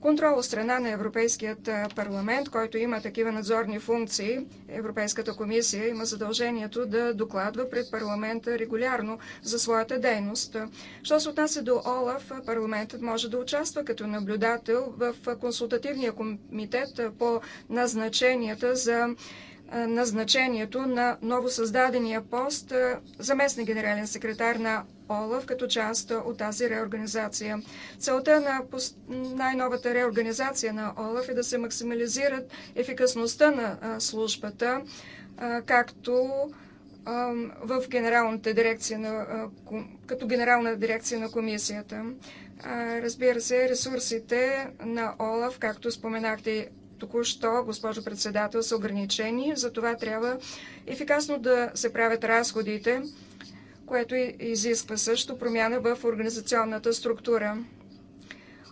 контрол от страна на Европейският парламент, който има такива надзорни функции. Европейската комисия има задължението да докладва пред парламента регулярно за своята дейност. Що се отнася до ОЛАФ, парламентът може да участва като наблюдател в консултативния комитет по назначенията за назначението на новосъздадения пост заместник генерален секретар на ОЛАВ като част от тази реорганизация. Целта на най-новата реорганизация на ОЛАВ е да се максимализират ефикасността на службата, както в генералната дирекция на, като генерална дирекция на комисията. Разбира се, ресурсите на ОЛАВ, както споменахте току-що, госпожо председател, са ограничени. Затова трябва ефикасно да се правят разходите, което изисква също промяна в организационната структура.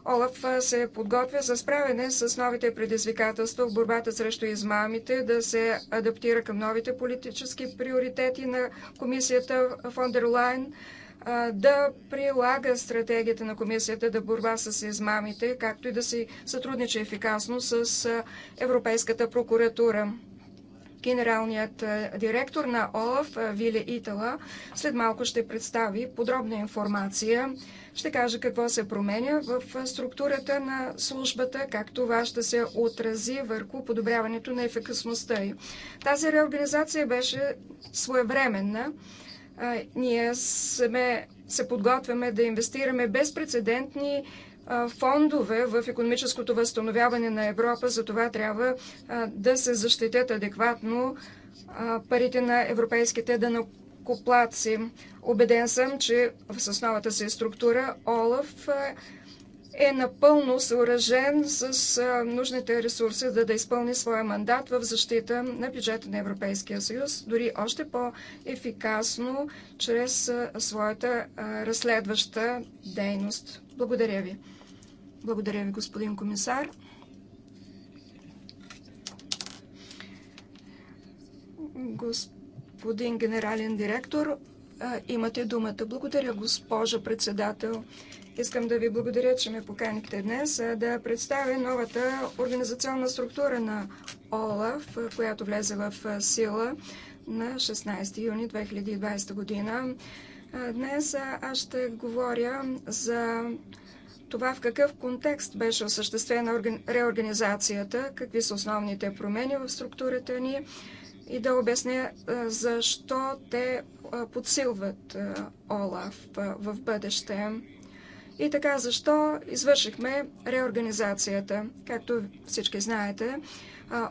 Олаф се подготвя за справяне с новите предизвикателства в борбата срещу измамите, да се адаптира към новите политически приоритети на комисията фон дер Лайн, да прилага стратегията на Комисията да борба с измамите, както и да си сътрудничи ефикасно с Европейската прокуратура. Генералният директор на ОЛАФ Вили Итала след малко ще представи подробна информация. Ще каже какво се променя в структурата на службата, как това ще се отрази върху подобряването на ефикасността й. Тази реорганизация беше своевременна ние сме, се подготвяме да инвестираме безпредседентни фондове в економическото възстановяване на Европа. За това трябва да се защитят адекватно парите на европейските данокоплаци. Обеден съм, че с новата си е структура ОЛАФ е напълно съоръжен с нужните ресурси, за да, изпълни своя мандат в защита на бюджета на Европейския съюз, дори още по-ефикасно чрез своята разследваща дейност. Благодаря ви. Благодаря ви, господин комисар. Господин генерален директор, имате думата. Благодаря, госпожа председател. Искам да ви благодаря, че ме поканихте днес да представя новата организационна структура на ОЛАФ, която влезе в сила на 16 юни 2020 година. Днес аз ще говоря за това в какъв контекст беше осъществена реорганизацията, какви са основните промени в структурата ни и да обясня защо те подсилват ОЛАФ в бъдеще. И така защо извършихме реорганизацията. Както всички знаете,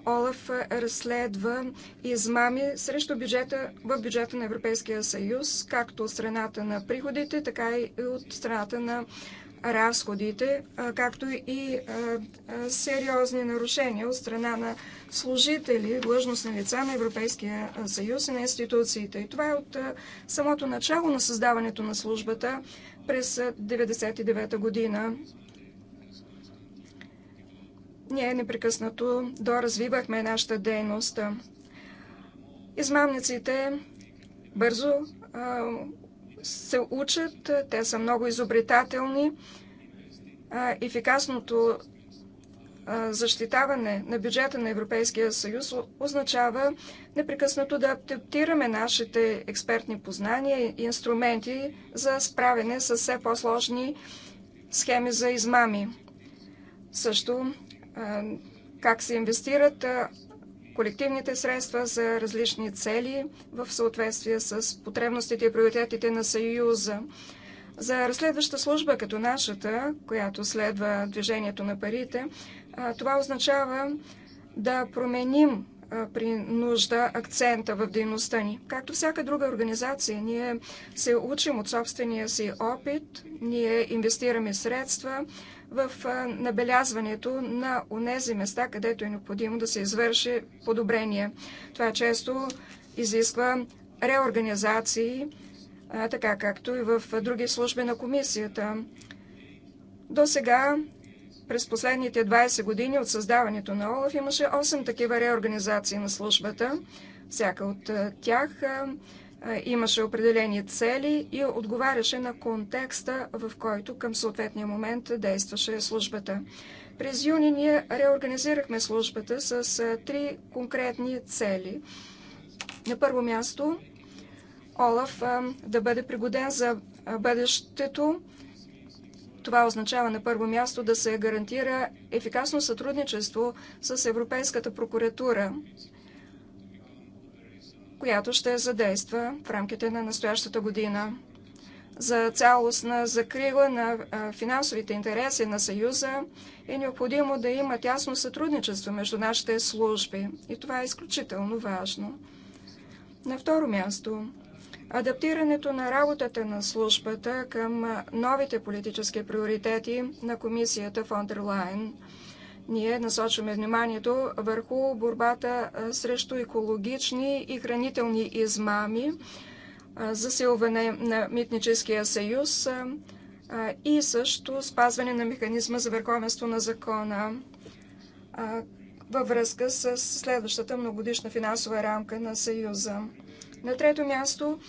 Олаф разследва измами срещу бюджета, в бюджета на Европейския съюз, както от страната на приходите, така и от страната на разходите, както и сериозни нарушения от страна на служители, длъжностни лица на Европейския съюз и на институциите. И това е от самото начало на създаването на службата през 1999 година. Ние непрекъснато доразвивахме нашата дейност. Измамниците бързо се учат, те са много изобретателни. ефикасното защитаване на бюджета на Европейския съюз означава непрекъснато да адаптираме нашите експертни познания и инструменти за справяне с все по-сложни схеми за измами. Също как се инвестират колективните средства за различни цели в съответствие с потребностите и приоритетите на Съюза. За разследваща служба като нашата, която следва движението на парите, това означава да променим при нужда акцента в дейността ни. Както всяка друга организация, ние се учим от собствения си опит, ние инвестираме средства в набелязването на онези места, където е необходимо да се извърши подобрение. Това често изисква реорганизации, така както и в други служби на комисията. До сега през последните 20 години от създаването на ОЛАФ имаше 8 такива реорганизации на службата. Всяка от тях имаше определени цели и отговаряше на контекста, в който към съответния момент действаше службата. През юни ние реорганизирахме службата с три конкретни цели. На първо място Олаф да бъде пригоден за бъдещето това означава на първо място да се гарантира ефикасно сътрудничество с Европейската прокуратура, която ще задейства в рамките на настоящата година за цялостна закрила на финансовите интереси на Съюза е необходимо да има тясно сътрудничество между нашите служби. И това е изключително важно. На второ място, Адаптирането на работата на службата към новите политически приоритети на комисията фон дер Лайн. Ние насочваме вниманието върху борбата срещу екологични и хранителни измами, засилване на митническия съюз и също спазване на механизма за върховенство на закона във връзка с следващата многодишна финансова рамка на Съюза. На трето място,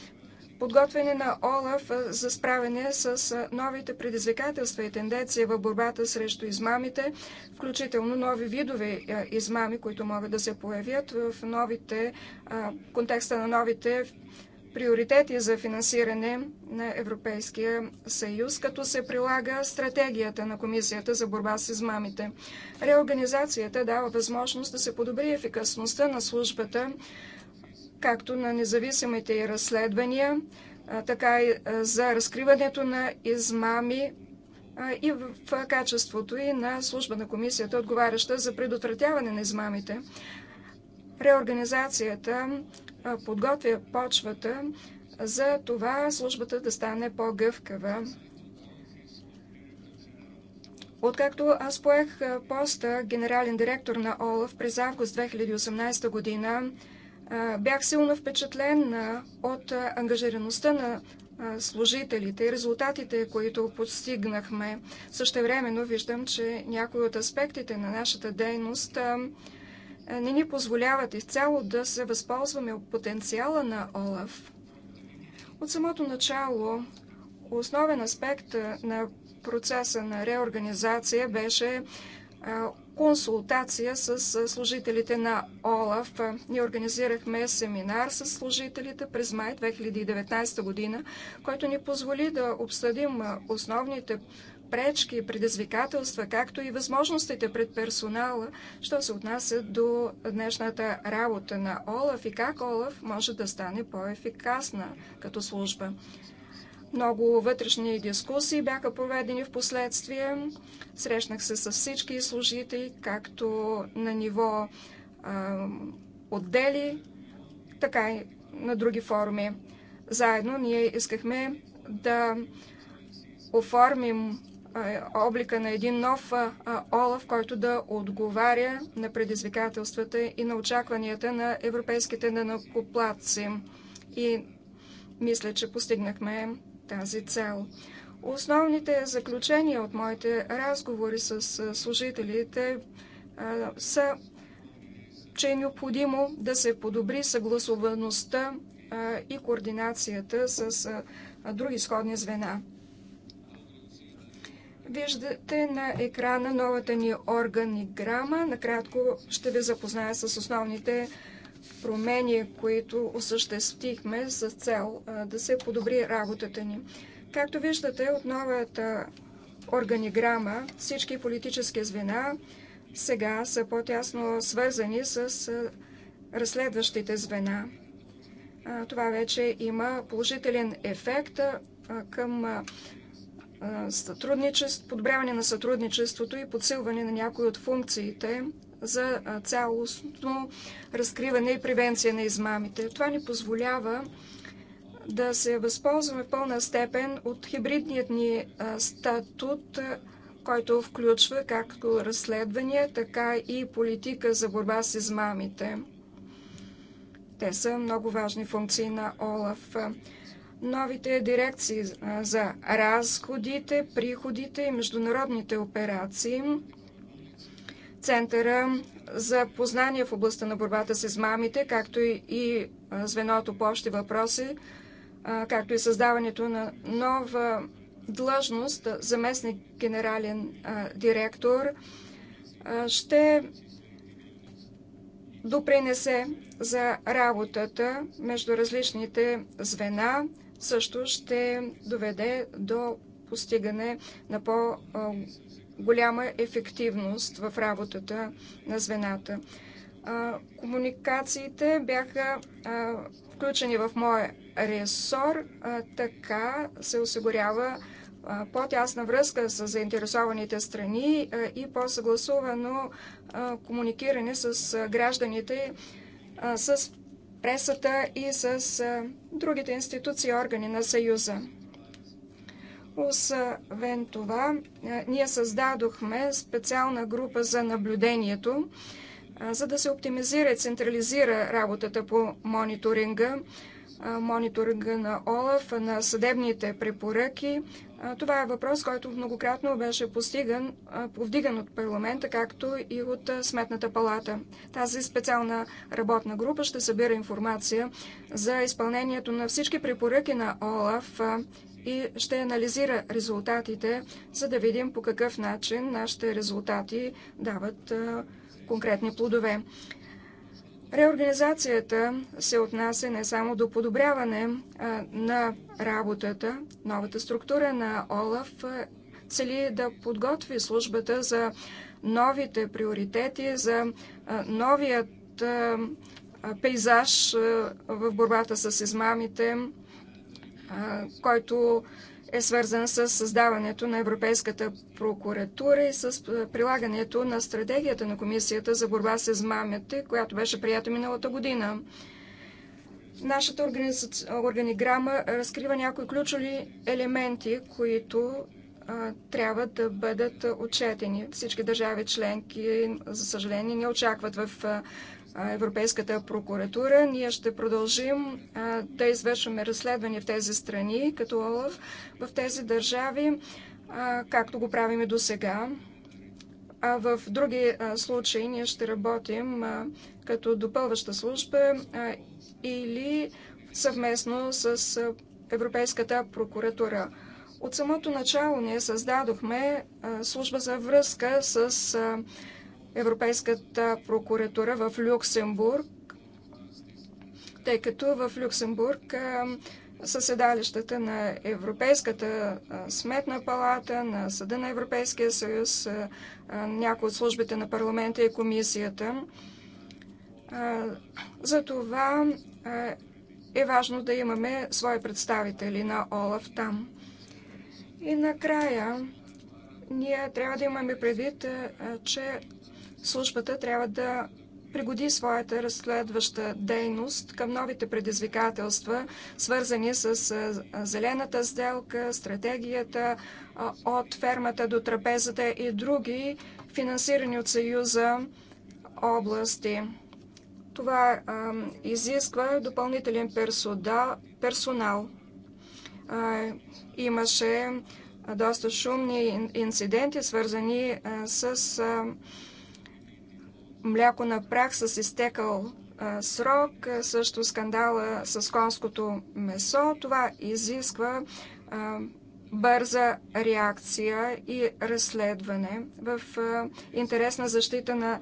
подготвяне на ОЛАФ за справяне с новите предизвикателства и тенденции в борбата срещу измамите, включително нови видове измами, които могат да се появят в новите, контекста на новите приоритети за финансиране на Европейския съюз, като се прилага стратегията на Комисията за борба с измамите. Реорганизацията дава възможност да се подобри ефикасността на службата, както на независимите разследвания, така и за разкриването на измами и в качеството и на служба на комисията, отговаряща за предотвратяване на измамите. Реорганизацията подготвя почвата за това службата да стане по-гъвкава. Откакто аз поех поста генерален директор на ОЛАФ през август 2018 година, Бях силно впечатлен от ангажираността на служителите и резултатите, които постигнахме. времено виждам, че някои от аспектите на нашата дейност не ни позволяват изцяло да се възползваме от потенциала на ОЛАФ. От самото начало основен аспект на процеса на реорганизация беше консултация с служителите на ОЛАФ. Ние организирахме семинар с служителите през май 2019 година, който ни позволи да обсъдим основните пречки, предизвикателства, както и възможностите пред персонала, що се отнася до днешната работа на ОЛАФ и как ОЛАФ може да стане по-ефикасна като служба. Много вътрешни дискусии бяха проведени в последствие. Срещнах се с всички служители, както на ниво а, отдели, така и на други форуми. Заедно ние искахме да оформим облика на един нов Олаф, който да отговаря на предизвикателствата и на очакванията на европейските данакоплатци. И мисля, че постигнахме тази цел. Основните заключения от моите разговори с служителите са, че е необходимо да се подобри съгласуваността и координацията с други сходни звена. Виждате на екрана новата ни органиграма. Накратко ще ви запозная с основните промени, които осъществихме с цел да се подобри работата ни. Както виждате от новата органиграма, всички политически звена сега са по-тясно свързани с разследващите звена. Това вече има положителен ефект към сътрудничество, подобряване на сътрудничеството и подсилване на някои от функциите за цялостно разкриване и превенция на измамите. Това ни позволява да се възползваме в пълна степен от хибридният ни статут, който включва както разследвания, така и политика за борба с измамите. Те са много важни функции на ОЛАФ. Новите дирекции за разходите, приходите и международните операции – Центъра за познание в областта на борбата с измамите, както и звеното по общи въпроси, както и създаването на нова длъжност заместник генерален директор ще допринесе за работата между различните звена, също ще доведе до постигане на по голяма ефективност в работата на звената. Комуникациите бяха включени в моя ресор, така се осигурява по-тясна връзка с заинтересованите страни и по-съгласувано комуникиране с гражданите, с пресата и с другите институции и органи на Съюза. Освен това, е, ние създадохме специална група за наблюдението, е, за да се оптимизира и централизира работата по мониторинга, е, мониторинга на ОЛАФ, на съдебните препоръки. Това е въпрос, който многократно беше постиган, повдиган от парламента, както и от Сметната палата. Тази специална работна група ще събира информация за изпълнението на всички препоръки на ОЛАФ и ще анализира резултатите, за да видим по какъв начин нашите резултати дават конкретни плодове. Реорганизацията се отнася не само до подобряване на работата. Новата структура на ОЛАФ цели да подготви службата за новите приоритети, за новият пейзаж в борбата с измамите, който е свързан с създаването на Европейската прокуратура и с прилагането на стратегията на Комисията за борба с измамите, която беше прията миналата година. Нашата органиграма разкрива някои ключови елементи, които трябва да бъдат отчетени. Всички държави членки, за съжаление, не очакват в Европейската прокуратура. Ние ще продължим да извършваме разследвания в тези страни, като ОЛАФ, в тези държави, както го правим и до сега. А в други случаи ние ще работим като допълваща служба или съвместно с Европейската прокуратура. От самото начало ние създадохме служба за връзка с Европейската прокуратура в Люксембург, тъй като в Люксембург са седалищата на Европейската сметна палата, на Съда на Европейския съюз, някои от службите на парламента и комисията. За това е важно да имаме свои представители на ОЛАФ там. И накрая, ние трябва да имаме предвид, че службата трябва да пригоди своята разследваща дейност към новите предизвикателства, свързани с зелената сделка, стратегията от фермата до трапезата и други финансирани от Съюза области. Това а, изисква допълнителен персонал. А, имаше доста шумни инциденти, свързани а, с мляко на прах с изтекал срок, също скандала с конското месо. Това изисква бърза реакция и разследване в интерес на защита на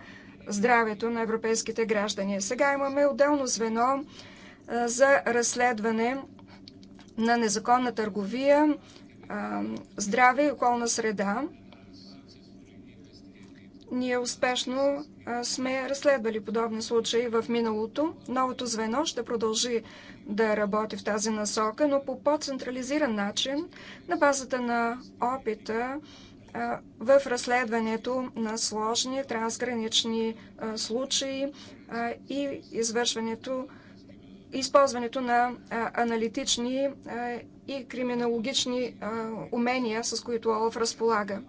здравето на европейските граждани. Сега имаме отделно звено за разследване на незаконна търговия, здраве и околна среда. Ние успешно сме разследвали подобни случаи в миналото. Новото звено ще продължи да работи в тази насока, но по по-централизиран начин, на базата на опита в разследването на сложни трансгранични случаи и извършването използването на аналитични и криминологични умения, с които ОЛАФ разполага.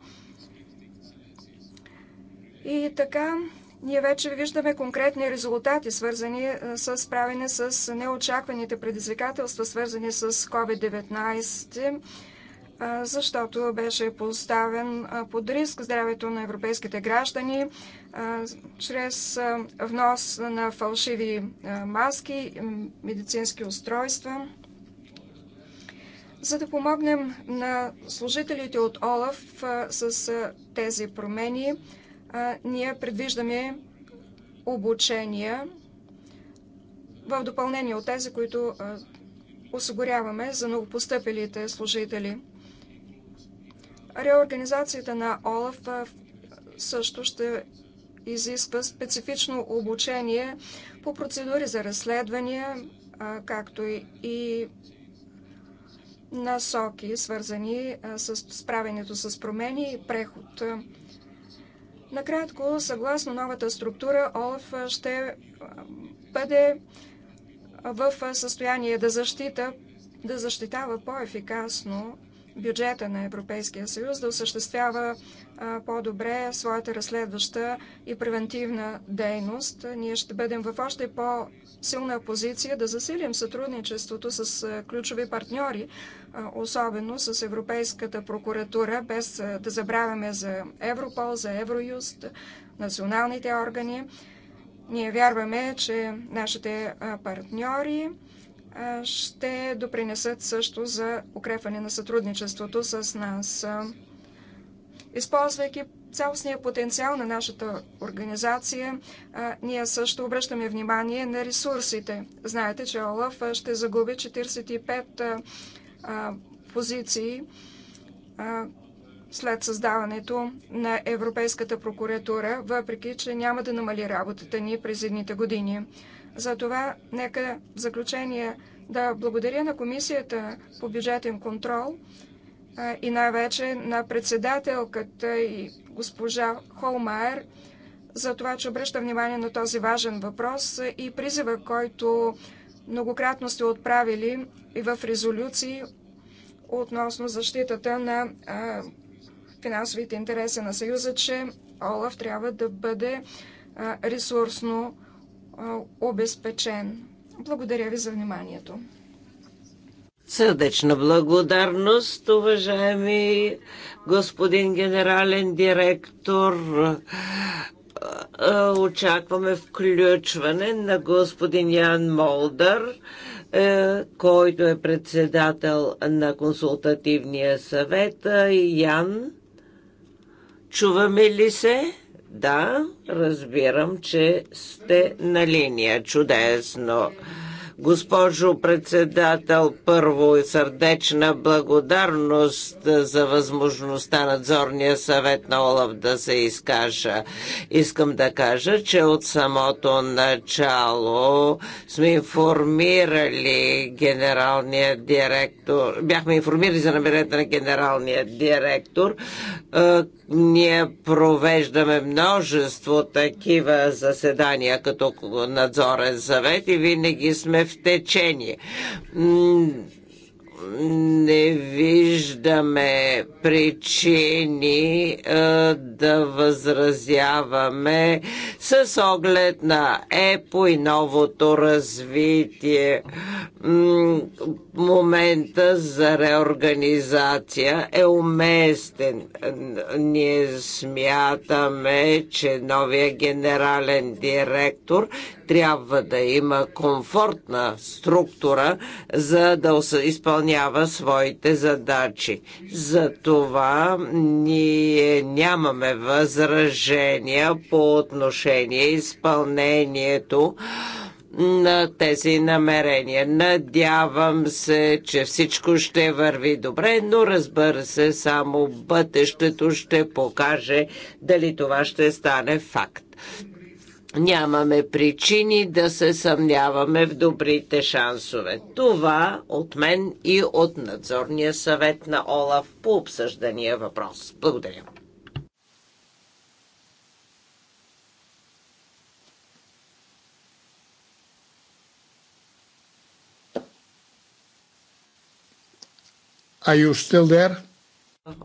И така, ние вече виждаме конкретни резултати, свързани с справяне с неочакваните предизвикателства, свързани с COVID-19, защото беше поставен под риск здравето на европейските граждани чрез внос на фалшиви маски, медицински устройства. За да помогнем на служителите от ОЛАФ с тези промени, ние предвиждаме обучения в допълнение от тези, които осигуряваме за новопостъпилите служители. Реорганизацията на ОЛАФ също ще изисква специфично обучение по процедури за разследвания, както и насоки, свързани с справянето с промени и преход. Накратко, съгласно новата структура, ОЛАФ ще бъде в състояние да, защита, да защитава по-ефикасно бюджета на Европейския съюз да осъществява по-добре своята разследваща и превентивна дейност. Ние ще бъдем в още по-силна позиция да засилим сътрудничеството с ключови партньори, особено с Европейската прокуратура, без да забравяме за Европол, за Евроюст, националните органи. Ние вярваме, че нашите партньори ще допринесат също за укрепване на сътрудничеството с нас. Използвайки цялостния потенциал на нашата организация, ние също обръщаме внимание на ресурсите. Знаете, че ОЛАФ ще загуби 45 позиции след създаването на Европейската прокуратура, въпреки че няма да намали работата ни през едните години. Затова нека в заключение да благодаря на Комисията по бюджетен контрол и най-вече на председателката и госпожа Холмайер за това, че обръща внимание на този важен въпрос и призива, който многократно сте отправили и в резолюции относно защитата на финансовите интереси на Съюза, че ОЛАФ трябва да бъде ресурсно обезпечен. Благодаря ви за вниманието. Сърдечна благодарност, уважаеми господин генерален директор. Очакваме включване на господин Ян Молдър, е, който е председател на консултативния съвет. Е, Ян, чуваме ли се? Да, разбирам, че сте на линия. Чудесно. Госпожо председател, първо сърдечна благодарност за възможността надзорния съвет на Олаф да се изкажа. Искам да кажа, че от самото начало сме информирали генералния директор, бяхме информирали за намерението на генералния директор. Е, ние провеждаме множество такива заседания като надзорен съвет и винаги сме в течение не виждаме причини а, да възразяваме с оглед на ЕПО и новото развитие. момента за реорганизация е уместен. Ние смятаме, че новия генерален директор трябва да има комфортна структура, за да изпълнява своите задачи. За това ние нямаме възражения по отношение изпълнението на тези намерения. Надявам се, че всичко ще върви добре, но разбира се, само бъдещето ще покаже дали това ще стане факт нямаме причини да се съмняваме в добрите шансове. Това от мен и от надзорния съвет на ОЛАФ по обсъждания въпрос. Благодаря. Are you still there?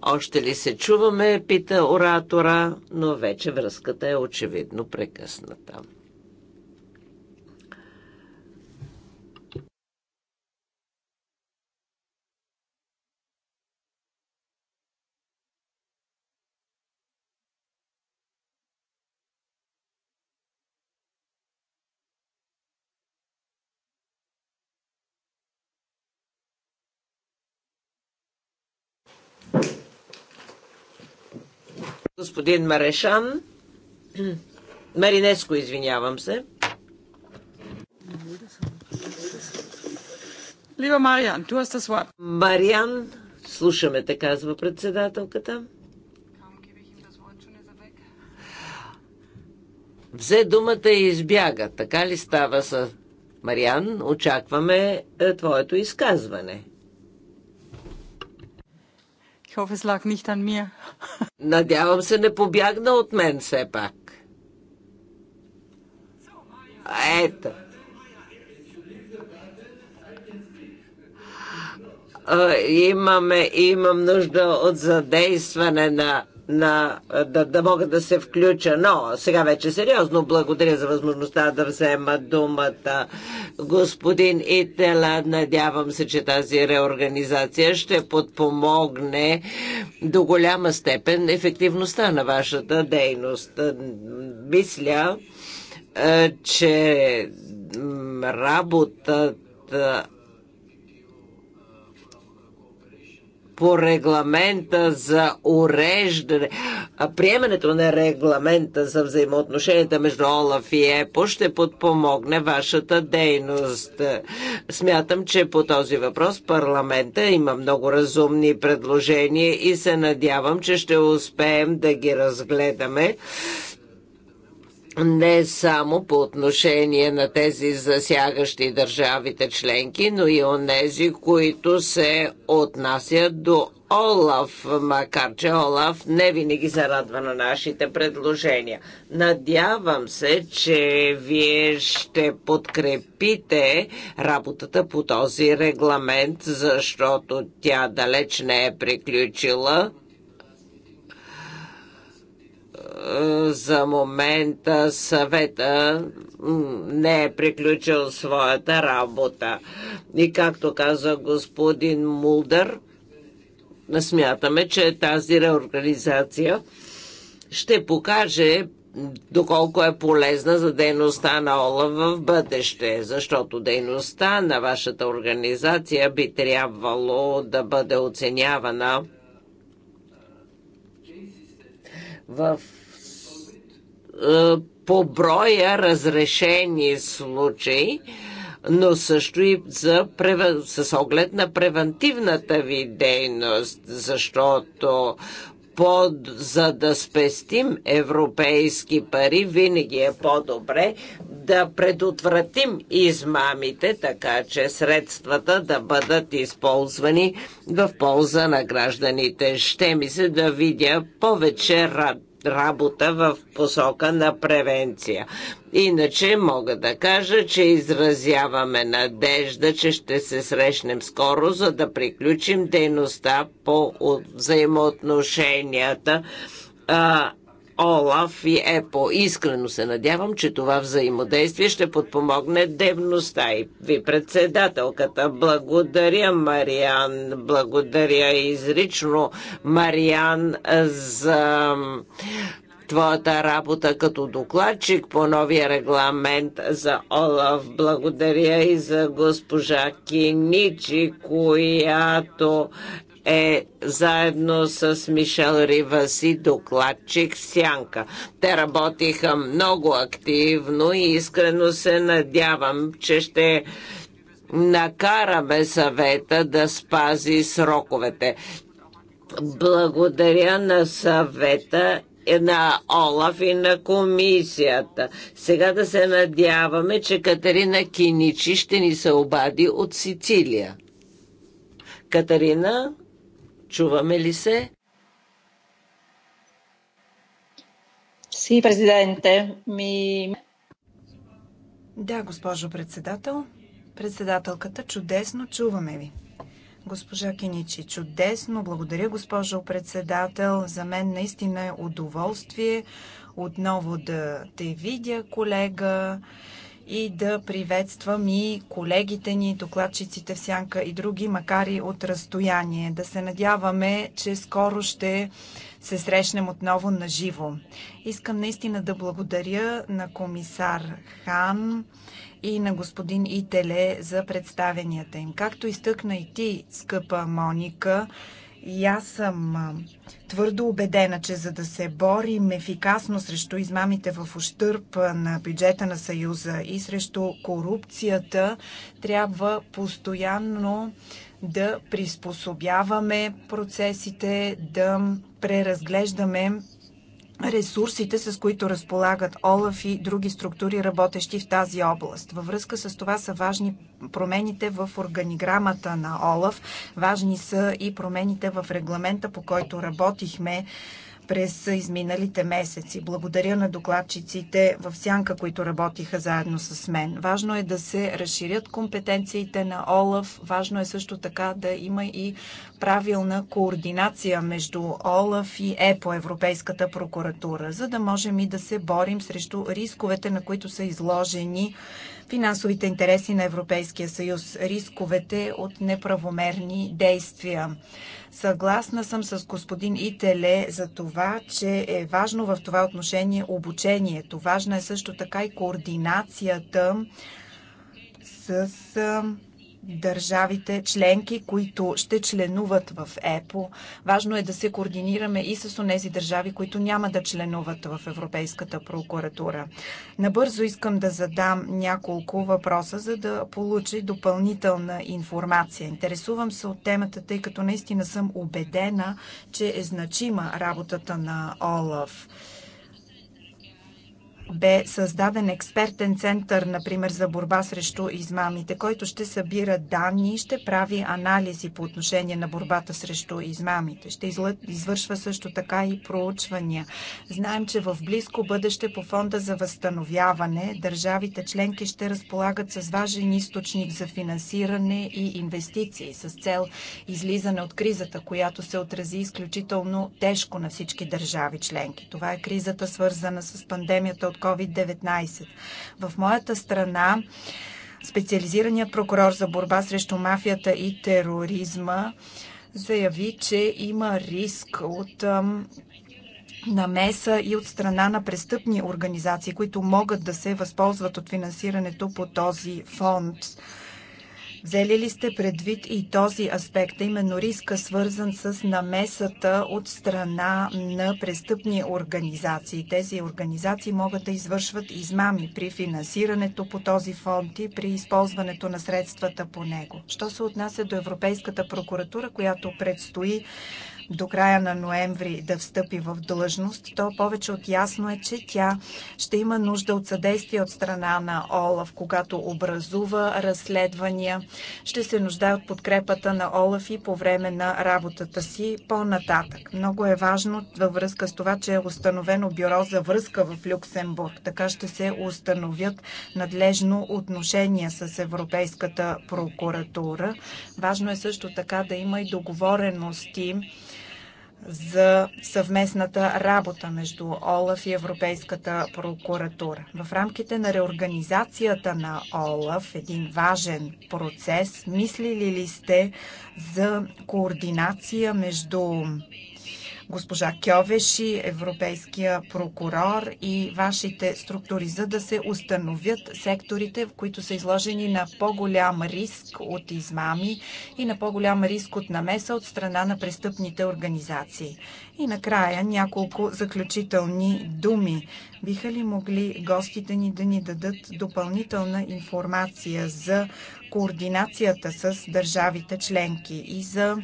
Още ли се чуваме, пита оратора, но вече връзката е очевидно прекъсната. Господин Марешан. Маринеско, извинявам се. Лива Мариан, ту аз das Мариан, слушаме те, казва председателката. Взе думата и избяга. Така ли става с Мариан? Очакваме е, твоето изказване hoffe, es lag nicht an mir. Надявам се, не побягна от мен все пак. Ето. имаме, имам нужда от задействане на на, да, да мога да се включа. Но сега вече сериозно благодаря за възможността да взема думата. Господин Итела, надявам се, че тази реорганизация ще подпомогне до голяма степен ефективността на вашата дейност. Мисля, е, че работата по регламента за уреждане, а приемането на регламента за взаимоотношенията между ОЛАФ и ЕПО ще подпомогне вашата дейност. Смятам, че по този въпрос парламента има много разумни предложения и се надявам, че ще успеем да ги разгледаме не само по отношение на тези засягащи държавите членки, но и онези, които се отнасят до Олаф, макар че Олаф не винаги се радва на нашите предложения. Надявам се, че вие ще подкрепите работата по този регламент, защото тя далеч не е приключила за момента съвета не е приключил своята работа. И както каза господин Мулдър, смятаме, че тази реорганизация ще покаже доколко е полезна за дейността на ОЛА в бъдеще, защото дейността на вашата организация би трябвало да бъде оценявана в е, по броя разрешени случаи, но също и за, превен... с оглед на превентивната ви дейност, защото под, за да спестим европейски пари, винаги е по-добре да предотвратим измамите, така че средствата да бъдат използвани в полза на гражданите. Ще ми се да видя повече рад работа в посока на превенция. Иначе мога да кажа, че изразяваме надежда, че ще се срещнем скоро, за да приключим дейността по взаимоотношенията ОЛАФ и ЕПО. Искрено се надявам, че това взаимодействие ще подпомогне девността и ви председателката. Благодаря, Мариан. Благодаря изрично, Мариан, за твоята работа като докладчик по новия регламент за ОЛАВ. Благодаря и за госпожа Киничи, която е заедно с Мишел и докладчик Сянка. Те работиха много активно и искрено се надявам, че ще накараме съвета да спази сроковете. Благодаря на съвета на Олаф и на комисията. Сега да се надяваме, че Катерина Киничи ще ни се обади от Сицилия. Катерина? Чуваме ли се? Си, президенте, ми... Да, госпожо председател. Председателката, чудесно, чуваме ви. Госпожа Киничи, чудесно, благодаря госпожо председател. За мен наистина е удоволствие отново да те видя, колега и да приветствам и колегите ни, докладчиците в Сянка и други, макар и от разстояние. Да се надяваме, че скоро ще се срещнем отново на живо. Искам наистина да благодаря на комисар Хан и на господин Ителе за представенията им. Както изтъкна и ти, скъпа Моника, и аз съм твърдо убедена, че за да се борим ефикасно срещу измамите в ущърп на бюджета на Съюза и срещу корупцията, трябва постоянно да приспособяваме процесите, да преразглеждаме ресурсите, с които разполагат ОЛАФ и други структури, работещи в тази област. Във връзка с това са важни промените в органиграмата на ОЛАФ. Важни са и промените в регламента, по който работихме през изминалите месеци. Благодаря на докладчиците в Сянка, които работиха заедно с мен. Важно е да се разширят компетенциите на ОЛАФ. Важно е също така да има и правилна координация между ОЛАФ и ЕПО, Европейската прокуратура, за да можем и да се борим срещу рисковете, на които са изложени финансовите интереси на Европейския съюз, рисковете от неправомерни действия. Съгласна съм с господин Ителе за това, че е важно в това отношение обучението. Важна е също така и координацията с държавите членки, които ще членуват в ЕПО. Важно е да се координираме и с онези държави, които няма да членуват в Европейската прокуратура. Набързо искам да задам няколко въпроса, за да получи допълнителна информация. Интересувам се от темата, тъй като наистина съм убедена, че е значима работата на ОЛАФ бе създаден експертен център, например, за борба срещу измамите, който ще събира данни и ще прави анализи по отношение на борбата срещу измамите. Ще извършва също така и проучвания. Знаем, че в близко бъдеще по Фонда за възстановяване държавите членки ще разполагат с важен източник за финансиране и инвестиции с цел излизане от кризата, която се отрази изключително тежко на всички държави членки. Това е кризата свързана с пандемията от от COVID-19. В моята страна специализираният прокурор за борба срещу мафията и тероризма заяви, че има риск от намеса и от страна на престъпни организации, които могат да се възползват от финансирането по този фонд. Взели ли сте предвид и този аспект, именно риска свързан с намесата от страна на престъпни организации? Тези организации могат да извършват измами при финансирането по този фонд и при използването на средствата по него. Що се отнася до Европейската прокуратура, която предстои до края на ноември да встъпи в длъжност, то повече от ясно е, че тя ще има нужда от съдействие от страна на ОЛАФ, когато образува разследвания. Ще се нуждае от подкрепата на ОЛАФ и по време на работата си по-нататък. Много е важно във връзка с това, че е установено бюро за връзка в Люксембург. Така ще се установят надлежно отношения с Европейската прокуратура. Важно е също така да има и договорености за съвместната работа между ОЛАФ и Европейската прокуратура. В рамките на реорганизацията на ОЛАФ, един важен процес, мислили ли сте за координация между госпожа Кьовеши, европейския прокурор и вашите структури, за да се установят секторите, в които са изложени на по-голям риск от измами и на по-голям риск от намеса от страна на престъпните организации. И накрая няколко заключителни думи. Биха ли могли гостите ни да ни дадат допълнителна информация за координацията с държавите членки и за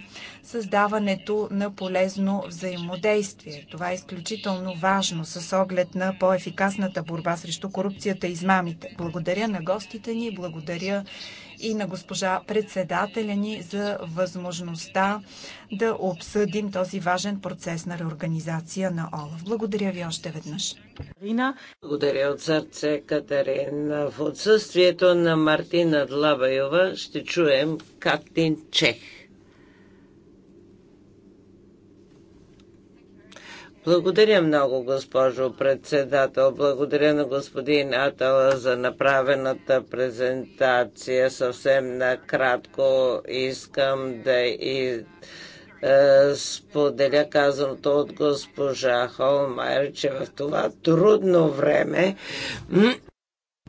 създаването на полезно взаимодействие. Това е изключително важно с оглед на по-ефикасната борба срещу корупцията и измамите. Благодаря на гостите ни, благодаря и на госпожа председателя ни за възможността да обсъдим този важен процес на реорганизация на ОЛАФ. Благодаря ви още веднъж. Рина. Благодаря от сърце, Катерин. В отсъствието на Мартина Длабайова ще чуем Катин Чех. Благодаря много, госпожо председател. Благодаря на господин Атала за направената презентация. Съвсем накратко искам да и е, споделя казаното от госпожа Холмайер, че в това трудно време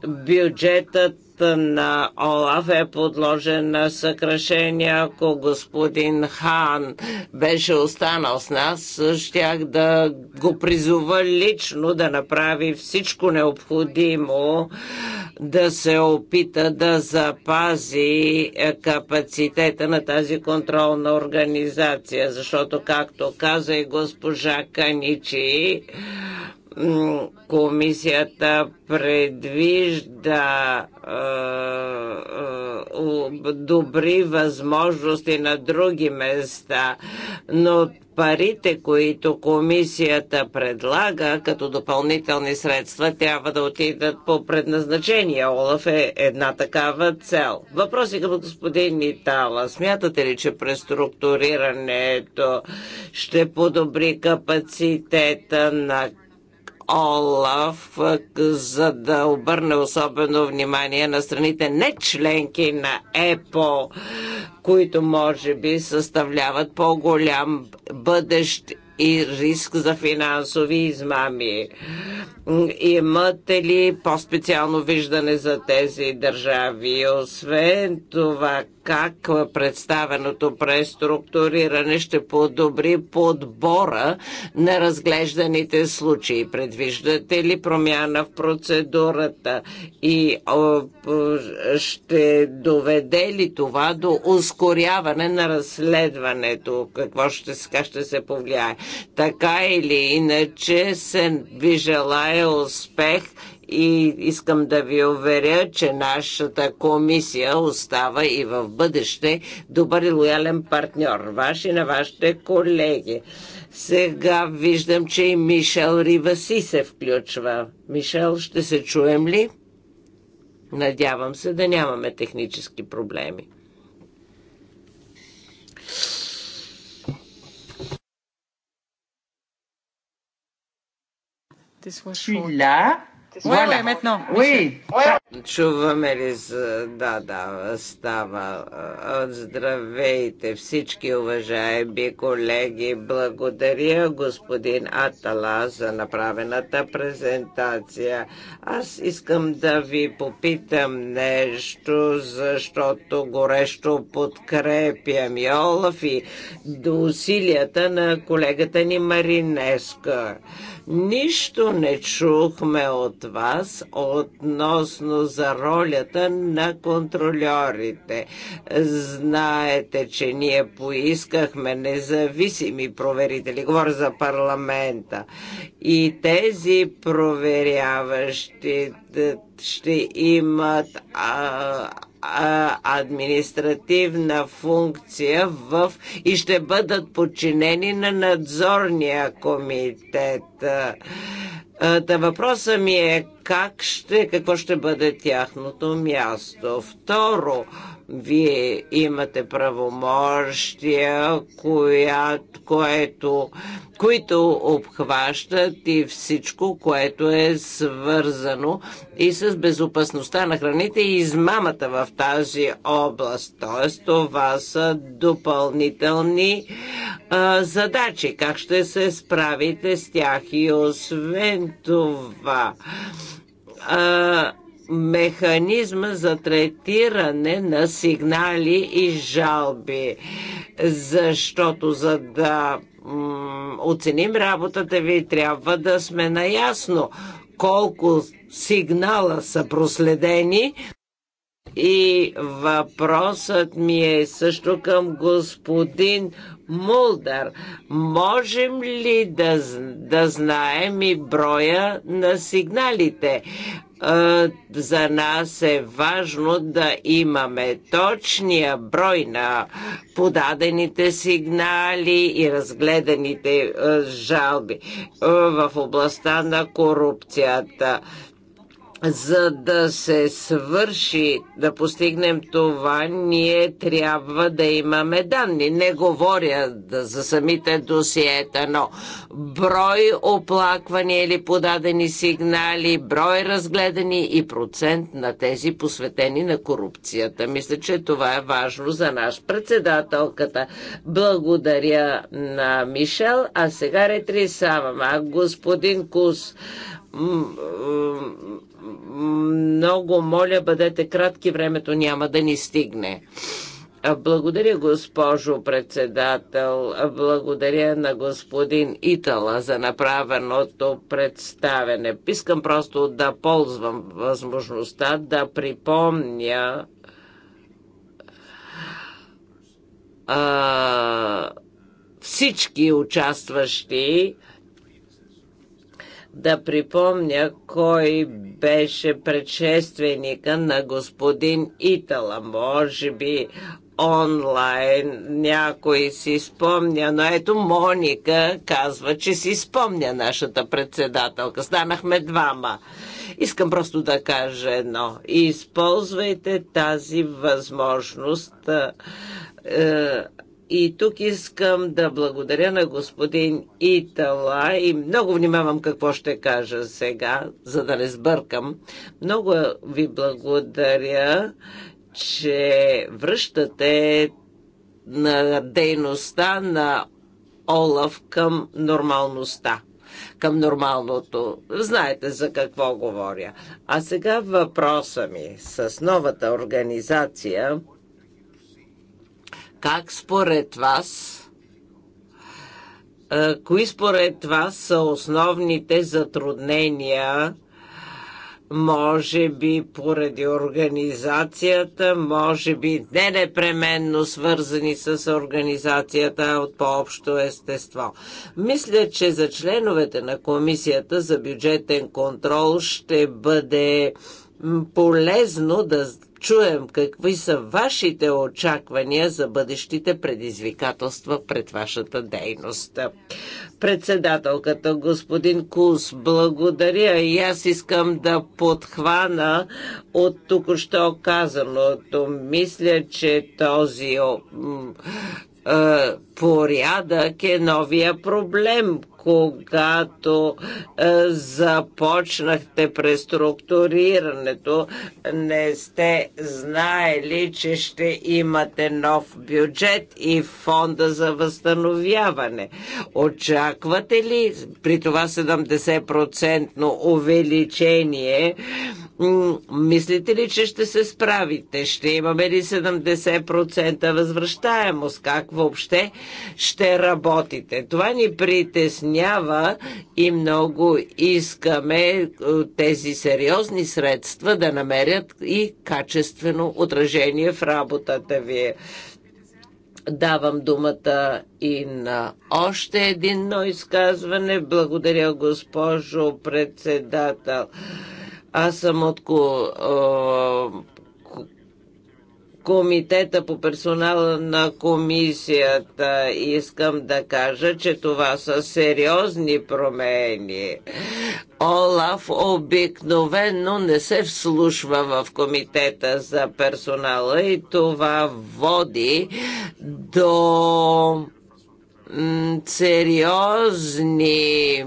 бюджетът на ОЛАФ е подложен на съкрашение. Ако господин Хан беше останал с нас, щях да го призова лично да направи всичко необходимо да се опита да запази е, капацитета на тази контролна организация, защото, както каза и госпожа Каничи, Комисията предвижда добри възможности на други места, но парите, които комисията предлага като допълнителни средства, трябва да отидат по предназначение. Олаф е една такава цел. Въпроси към господин Нитала. Смятате ли, че преструктурирането ще подобри капацитета на Олаф, е, за да обърне особено внимание на страните не членки на ЕПО, които може би съставляват по-голям бъдещ и риск за финансови измами. Имате ли по-специално виждане за тези държави? Освен това, как представеното преструктуриране ще подобри подбора на разглежданите случаи. Предвиждате ли промяна в процедурата и ще доведе ли това до ускоряване на разследването? Какво ще, как ще се повлияе? Така или иначе се ви желая успех и искам да ви уверя, че нашата комисия остава и в бъдеще добър и лоялен партньор, ваш и на вашите колеги. Сега виждам, че и Мишел Риваси се включва. Мишел, ще се чуем ли? Надявам се да нямаме технически проблеми. Celui-là, Voilà. Ouais, ouais, maintenant. Oui. Чуваме ли? Да, да, става. Здравейте всички уважаеми колеги. Благодаря господин Атала за направената презентация. Аз искам да ви попитам нещо, защото горещо подкрепям и Олаф и до усилията на колегата ни Маринеска. Нищо не чухме от вас относно за ролята на контролерите. Знаете, че ние поискахме независими проверители, говоря за парламента. И тези проверяващи ще имат а, административна функция в и ще бъдат подчинени на надзорния комитет. Та въпросът ми е как ще, какво ще бъде тяхното място. Второ, вие имате правомощия, коя, което, които обхващат и всичко, което е свързано и с безопасността на храните и измамата в тази област. Т.е. това са допълнителни а, задачи. Как ще се справите с тях? И освен това, а, механизма за третиране на сигнали и жалби, защото за да оценим работата ви, трябва да сме наясно колко сигнала са проследени и въпросът ми е също към господин Мулдър. Можем ли да, да знаем и броя на сигналите? Е, за нас е важно да имаме точния брой на подадените сигнали и разгледаните е, жалби е, в областта на корупцията за да се свърши, да постигнем това, ние трябва да имаме данни. Не говоря за самите досиета, но брой оплаквания или подадени сигнали, брой разгледани и процент на тези посветени на корупцията. Мисля, че това е важно за наш председателката. Благодаря на Мишел, а сега ретрисавам. А господин Кус, много моля, бъдете кратки, времето няма да ни стигне. Благодаря, госпожо председател. Благодаря на господин Итала за направеното представене. Искам просто да ползвам възможността да припомня а, всички участващи да припомня кой беше предшественика на господин Итала. Може би онлайн някой си спомня, но ето Моника казва, че си спомня нашата председателка. Станахме двама. Искам просто да кажа едно. Използвайте тази възможност е, и тук искам да благодаря на господин Итала и много внимавам какво ще кажа сега, за да не сбъркам. Много ви благодаря, че връщате на дейността на Олаф към нормалността към нормалното. Знаете за какво говоря. А сега въпроса ми с новата организация как според вас кои според вас са основните затруднения, може би поради организацията, може би не непременно свързани с организацията от по-общо естество. Мисля, че за членовете на Комисията за бюджетен контрол ще бъде полезно да чуем какви са вашите очаквания за бъдещите предизвикателства пред вашата дейност. Председателката господин Кус, благодаря и аз искам да подхвана от тук що казаното. Мисля, че този е, порядък е новия проблем, когато е, започнахте преструктурирането, не сте знаели, че ще имате нов бюджет и фонда за възстановяване. Очаквате ли при това 70% увеличение Мислите ли, че ще се справите? Ще имаме ли 70% възвръщаемост? Как въобще ще работите? Това ни притеснява и много искаме е, тези сериозни средства да намерят и качествено отражение в работата ви. Давам думата и на още едно изказване. Благодаря, госпожо председател. Аз съм от Комитета по персонала на комисията. Искам да кажа, че това са сериозни промени. Олаф обикновено не се вслушва в комитета за персонала и това води до сериозни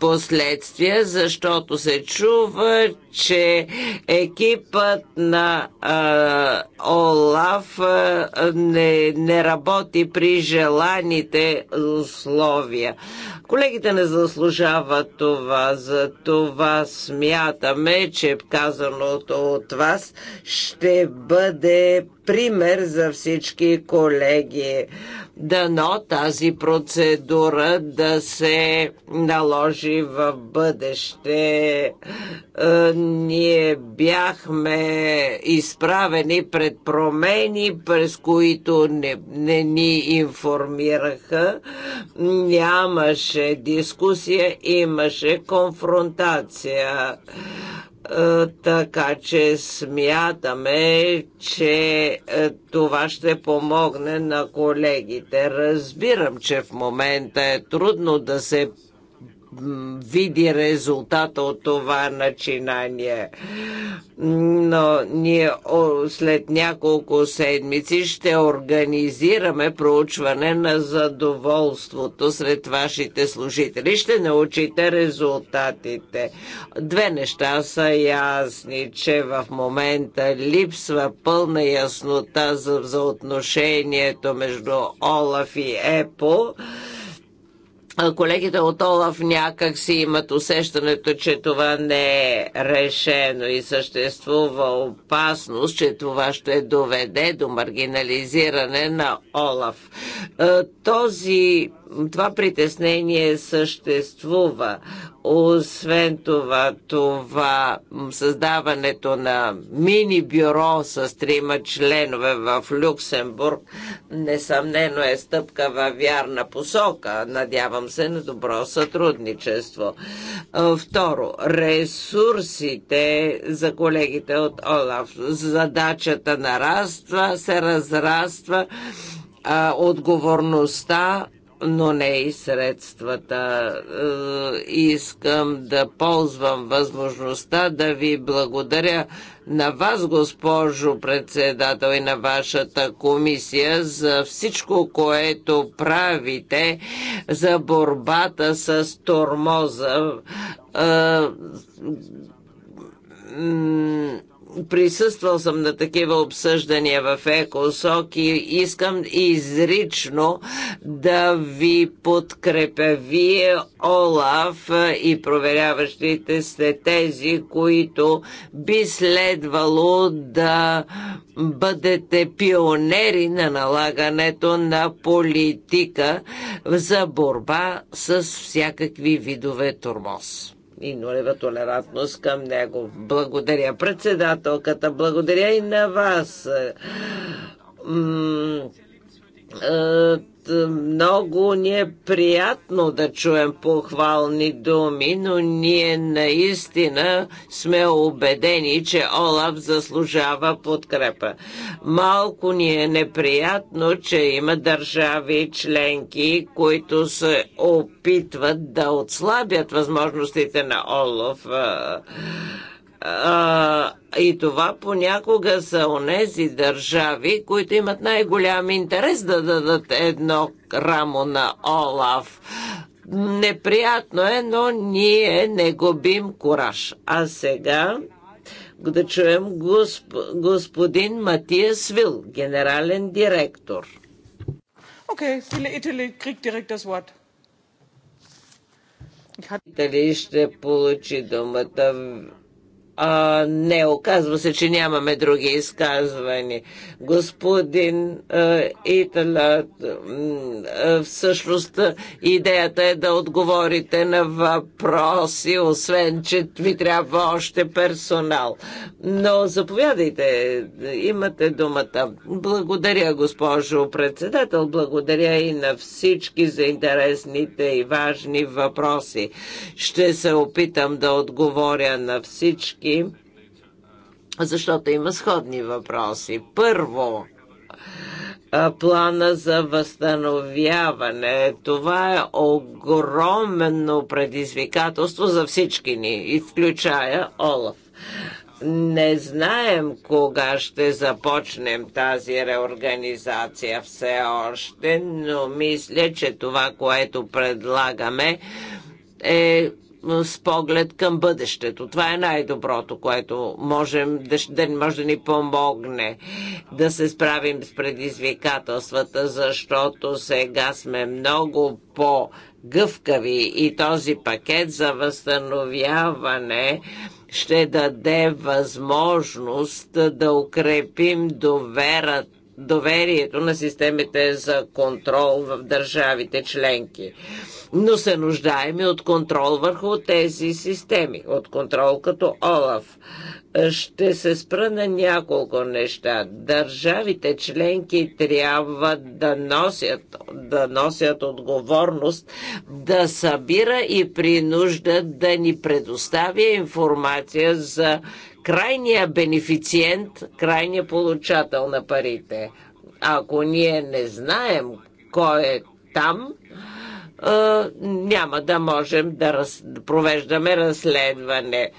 последствия, защото се чува, че екипът на а, Олаф а, не, не работи при желаните условия. Колегите не заслужават това, за това смятаме, че казаното от вас ще бъде пример за всички колеги. Дано тази процедура да се наложи в бъдеще. Е, ние бяхме изправени пред промени, през които не, не ни информираха. Нямаше дискусия, имаше конфронтация. Е, така че смятаме, че е, това ще помогне на колегите. Разбирам, че в момента е трудно да се види резултата от това начинание. Но ние след няколко седмици ще организираме проучване на задоволството сред вашите служители. Ще научите резултатите. Две неща са ясни, че в момента липсва пълна яснота за, за отношението между Олаф и Епо колегите от Олаф някак си имат усещането, че това не е решено и съществува опасност, че това ще доведе до маргинализиране на Олаф. Е, този това притеснение съществува. Освен това, това създаването на мини бюро с трима членове в Люксембург несъмнено е стъпка във вярна посока. Надявам се на добро сътрудничество. Второ, ресурсите за колегите от ОЛАФ. Задачата нараства, се разраства отговорността но не и средствата. Е, искам да ползвам възможността да ви благодаря на вас, госпожо председател и на вашата комисия за всичко, което правите за борбата с тормоза е, присъствал съм на такива обсъждания в ЕКОСОК и искам изрично да ви подкрепя вие, Олаф и проверяващите сте тези, които би следвало да бъдете пионери на налагането на политика за борба с всякакви видове турмоз и нулева толерантност към него. Благодаря председателката, благодаря и на вас е, много ни е приятно да чуем похвални думи, но ние наистина сме убедени, че Олаф заслужава подкрепа. Малко ни е неприятно, че има държави членки, които се опитват да отслабят възможностите на Олаф е, а, и това понякога са онези държави, които имат най-голям интерес да дадат едно рамо на Олаф. Неприятно е, но ние не губим кураж. А сега да чуем госп... господин Матия Свил, генерален директор. Окей, okay, Итали, крик директор das Дали ще получи думата а, не, оказва се, че нямаме други изказвания. Господин е, Итала, всъщност идеята е да отговорите на въпроси, освен, че ви трябва още персонал. Но заповядайте, имате думата. Благодаря, госпожо председател, благодаря и на всички за интересните и важни въпроси. Ще се опитам да отговоря на всички всички, защото има сходни въпроси. Първо, плана за възстановяване. Това е огромно предизвикателство за всички ни, и включая Олаф. Не знаем кога ще започнем тази реорганизация все още, но мисля, че това, което предлагаме, е с поглед към бъдещето. Това е най-доброто, което можем да, да, може да ни помогне да се справим с предизвикателствата, защото сега сме много по гъвкави и този пакет за възстановяване ще даде възможност да укрепим доверата доверието на системите за контрол в държавите членки. Но се нуждаем и от контрол върху тези системи, от контрол като ОЛАФ. Ще се спра на няколко неща. Държавите членки трябва да носят, да носят отговорност, да събира и принужда да ни предоставя информация за крайния бенефициент, крайния получател на парите. Ако ние не знаем кой е там, няма да можем да раз, провеждаме разследване.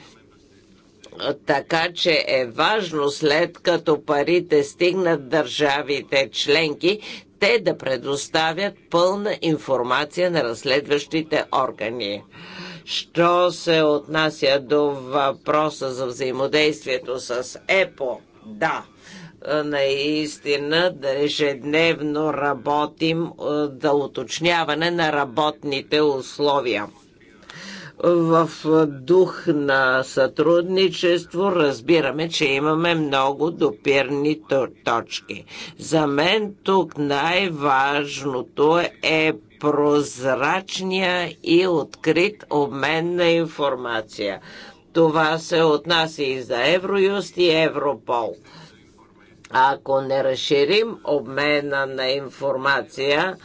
Така че е важно след като парите стигнат държавите членки, те да предоставят пълна информация на разследващите органи. Що се отнася до въпроса за взаимодействието с ЕПО? Да, е, наистина да ежедневно работим е, да уточняване на работните условия в дух на сътрудничество разбираме, че имаме много допирни точки. За мен тук най-важното е прозрачния и открит обмен на информация. Това се отнася и за Евроюст и Европол. Ако не разширим обмена на информация,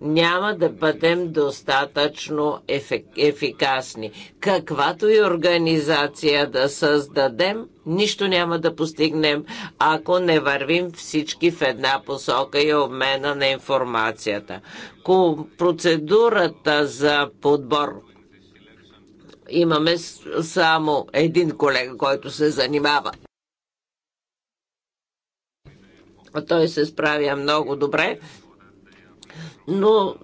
няма да бъдем достатъчно ефик- ефикасни. Каквато и организация да създадем, Нищо няма да постигнем, ако не вървим всички в една посока и обмена на информацията. Процедурата за подбор имаме само един колега, който се занимава. Той се справя много добре, но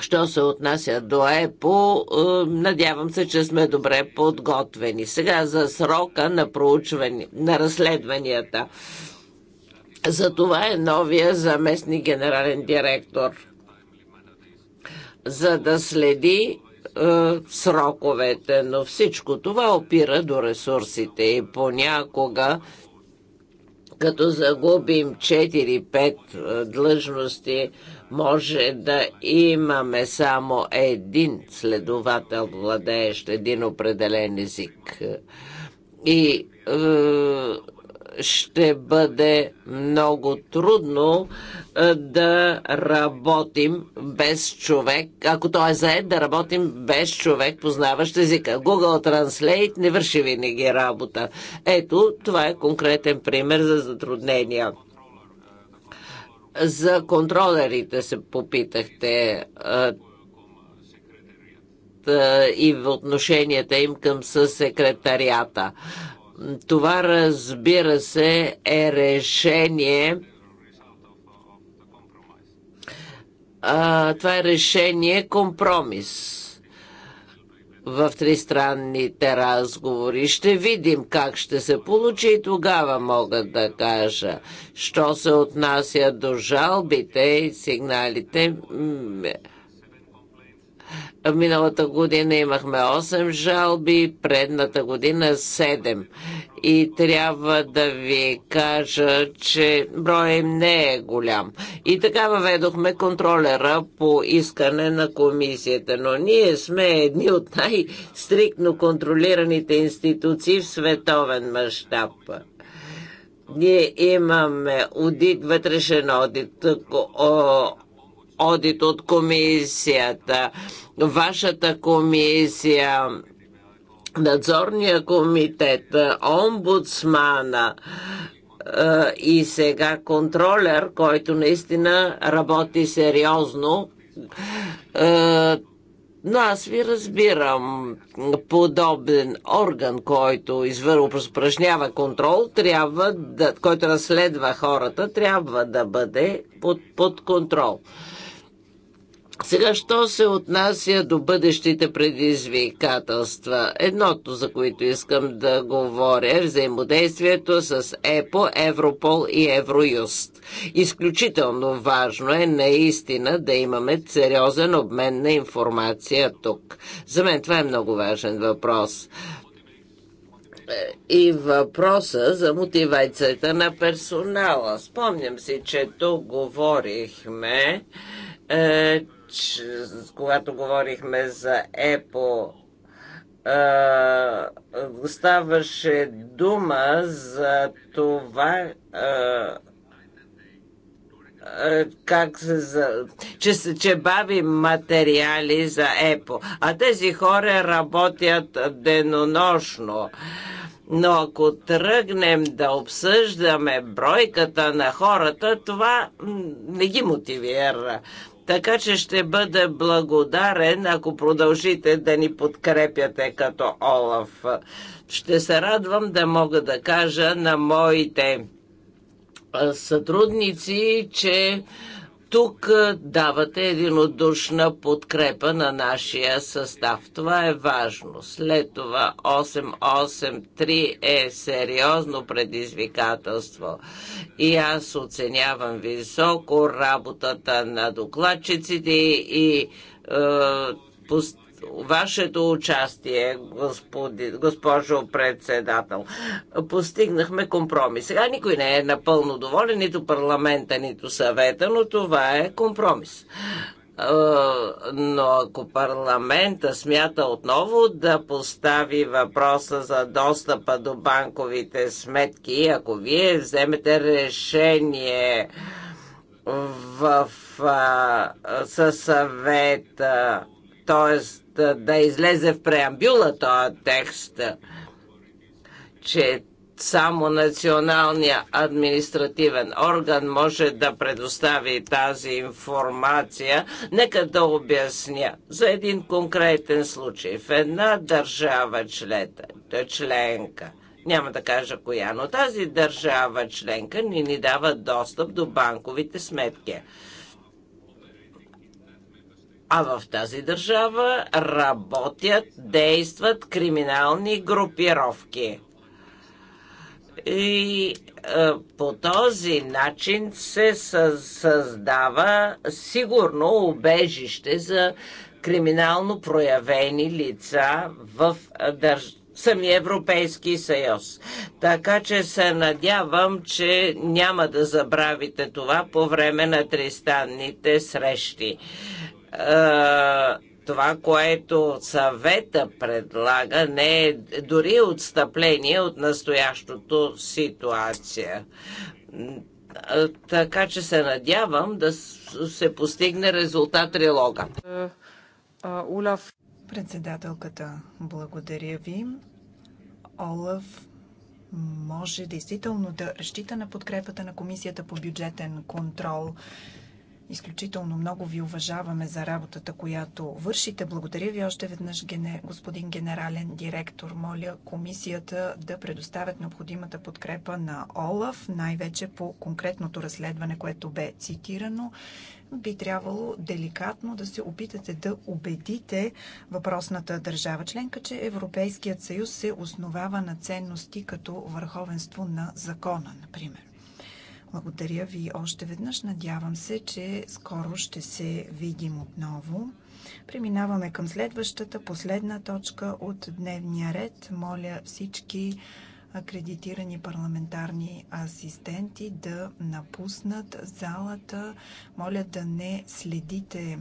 Що се отнася до ЕПО, е, надявам се, че сме добре подготвени. Сега за срока на проучване, на разследванията. За това е новия заместник генерален директор, за да следи е, сроковете, но всичко това опира до ресурсите и понякога като загубим 4-5 е, длъжности, може да имаме само един следовател, владеещ един определен език. И е, ще бъде много трудно е, да работим без човек, ако той е заед, да работим без човек, познаващ езика. Google Translate не върши винаги работа. Ето, това е конкретен пример за затруднения. За контролерите се попитахте и в отношенията им към със секретарията. Това, разбира се, е решение. А, това е решение компромис в тристранните разговори. Ще видим как ще се получи и тогава мога да кажа. Що се отнася до жалбите и сигналите, Миналата година имахме 8 жалби, предната година 7. И трябва да ви кажа, че броя не е голям. И така въведохме контролера по искане на комисията. Но ние сме едни от най-стриктно контролираните институции в световен мащаб. Ние имаме одит, вътрешен одит, одит от комисията вашата комисия, надзорния комитет, омбудсмана, е, и сега контролер, който наистина работи сериозно. Е, но аз ви разбирам, подобен орган, който упражнява контрол, трябва да, който разследва хората, трябва да бъде под, под контрол. Сега, що се отнася до бъдещите предизвикателства? Едното, за което искам да говоря, е взаимодействието с ЕПО, Европол и Евроюст. Изключително важно е наистина да имаме сериозен обмен на информация тук. За мен това е много важен въпрос и въпроса за мотивацията на персонала. Спомням си, че тук говорихме, е, че, когато говорихме за ЕПО, а, ставаше дума за това, а, как се, за, че, че бави материали за ЕПО. А тези хора работят денонощно. Но ако тръгнем да обсъждаме бройката на хората, това не ги мотивира. Така че ще бъда благодарен, ако продължите да ни подкрепяте като Олаф. Ще се радвам да мога да кажа на моите сътрудници, че тук давате единодушна подкрепа на нашия състав. Това е важно. След това 883 е сериозно предизвикателство. И аз оценявам високо работата на докладчиците и е, вашето участие, господи, госпожо председател. Постигнахме компромис. Сега никой не е напълно доволен, нито парламента, нито съвета, но това е компромис но ако парламента смята отново да постави въпроса за достъпа до банковите сметки, ако вие вземете решение в, в, със съвета, т.е да излезе в преамбюла този текст, че само националния административен орган може да предостави тази информация. Нека да обясня за един конкретен случай. В една държава членка, няма да кажа коя, но тази държава членка ни, ни дава достъп до банковите сметки. А в тази държава работят, действат криминални групировки. И е, по този начин се създава сигурно убежище за криминално проявени лица в е, държ... самия Европейски съюз. Така че се надявам, че няма да забравите това по време на тристанните срещи това, което съвета предлага, не е дори отстъпление от настоящото ситуация. Така че се надявам да се постигне резултат трилога. Олаф. Председателката, благодаря ви. Олаф може действително да разчита на подкрепата на Комисията по бюджетен контрол Изключително много ви уважаваме за работата, която вършите. Благодаря ви още веднъж, господин генерален директор. Моля комисията да предоставят необходимата подкрепа на ОЛАФ, най-вече по конкретното разследване, което бе цитирано. Би трябвало деликатно да се опитате да убедите въпросната държава членка, че Европейският съюз се основава на ценности като върховенство на закона, например. Благодаря ви още веднъж. Надявам се, че скоро ще се видим отново. Преминаваме към следващата, последна точка от дневния ред. Моля всички акредитирани парламентарни асистенти да напуснат залата. Моля да не следите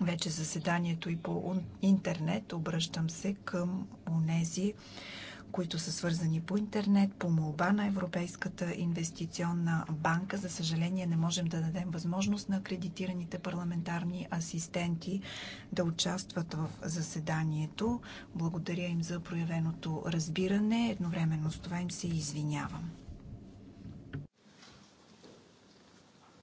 вече заседанието и по интернет. Обръщам се към онези, които са свързани по интернет, по молба на Европейската инвестиционна банка. За съжаление не можем да дадем възможност на акредитираните парламентарни асистенти да участват в заседанието. Благодаря им за проявеното разбиране. Едновременно с това им се извинявам.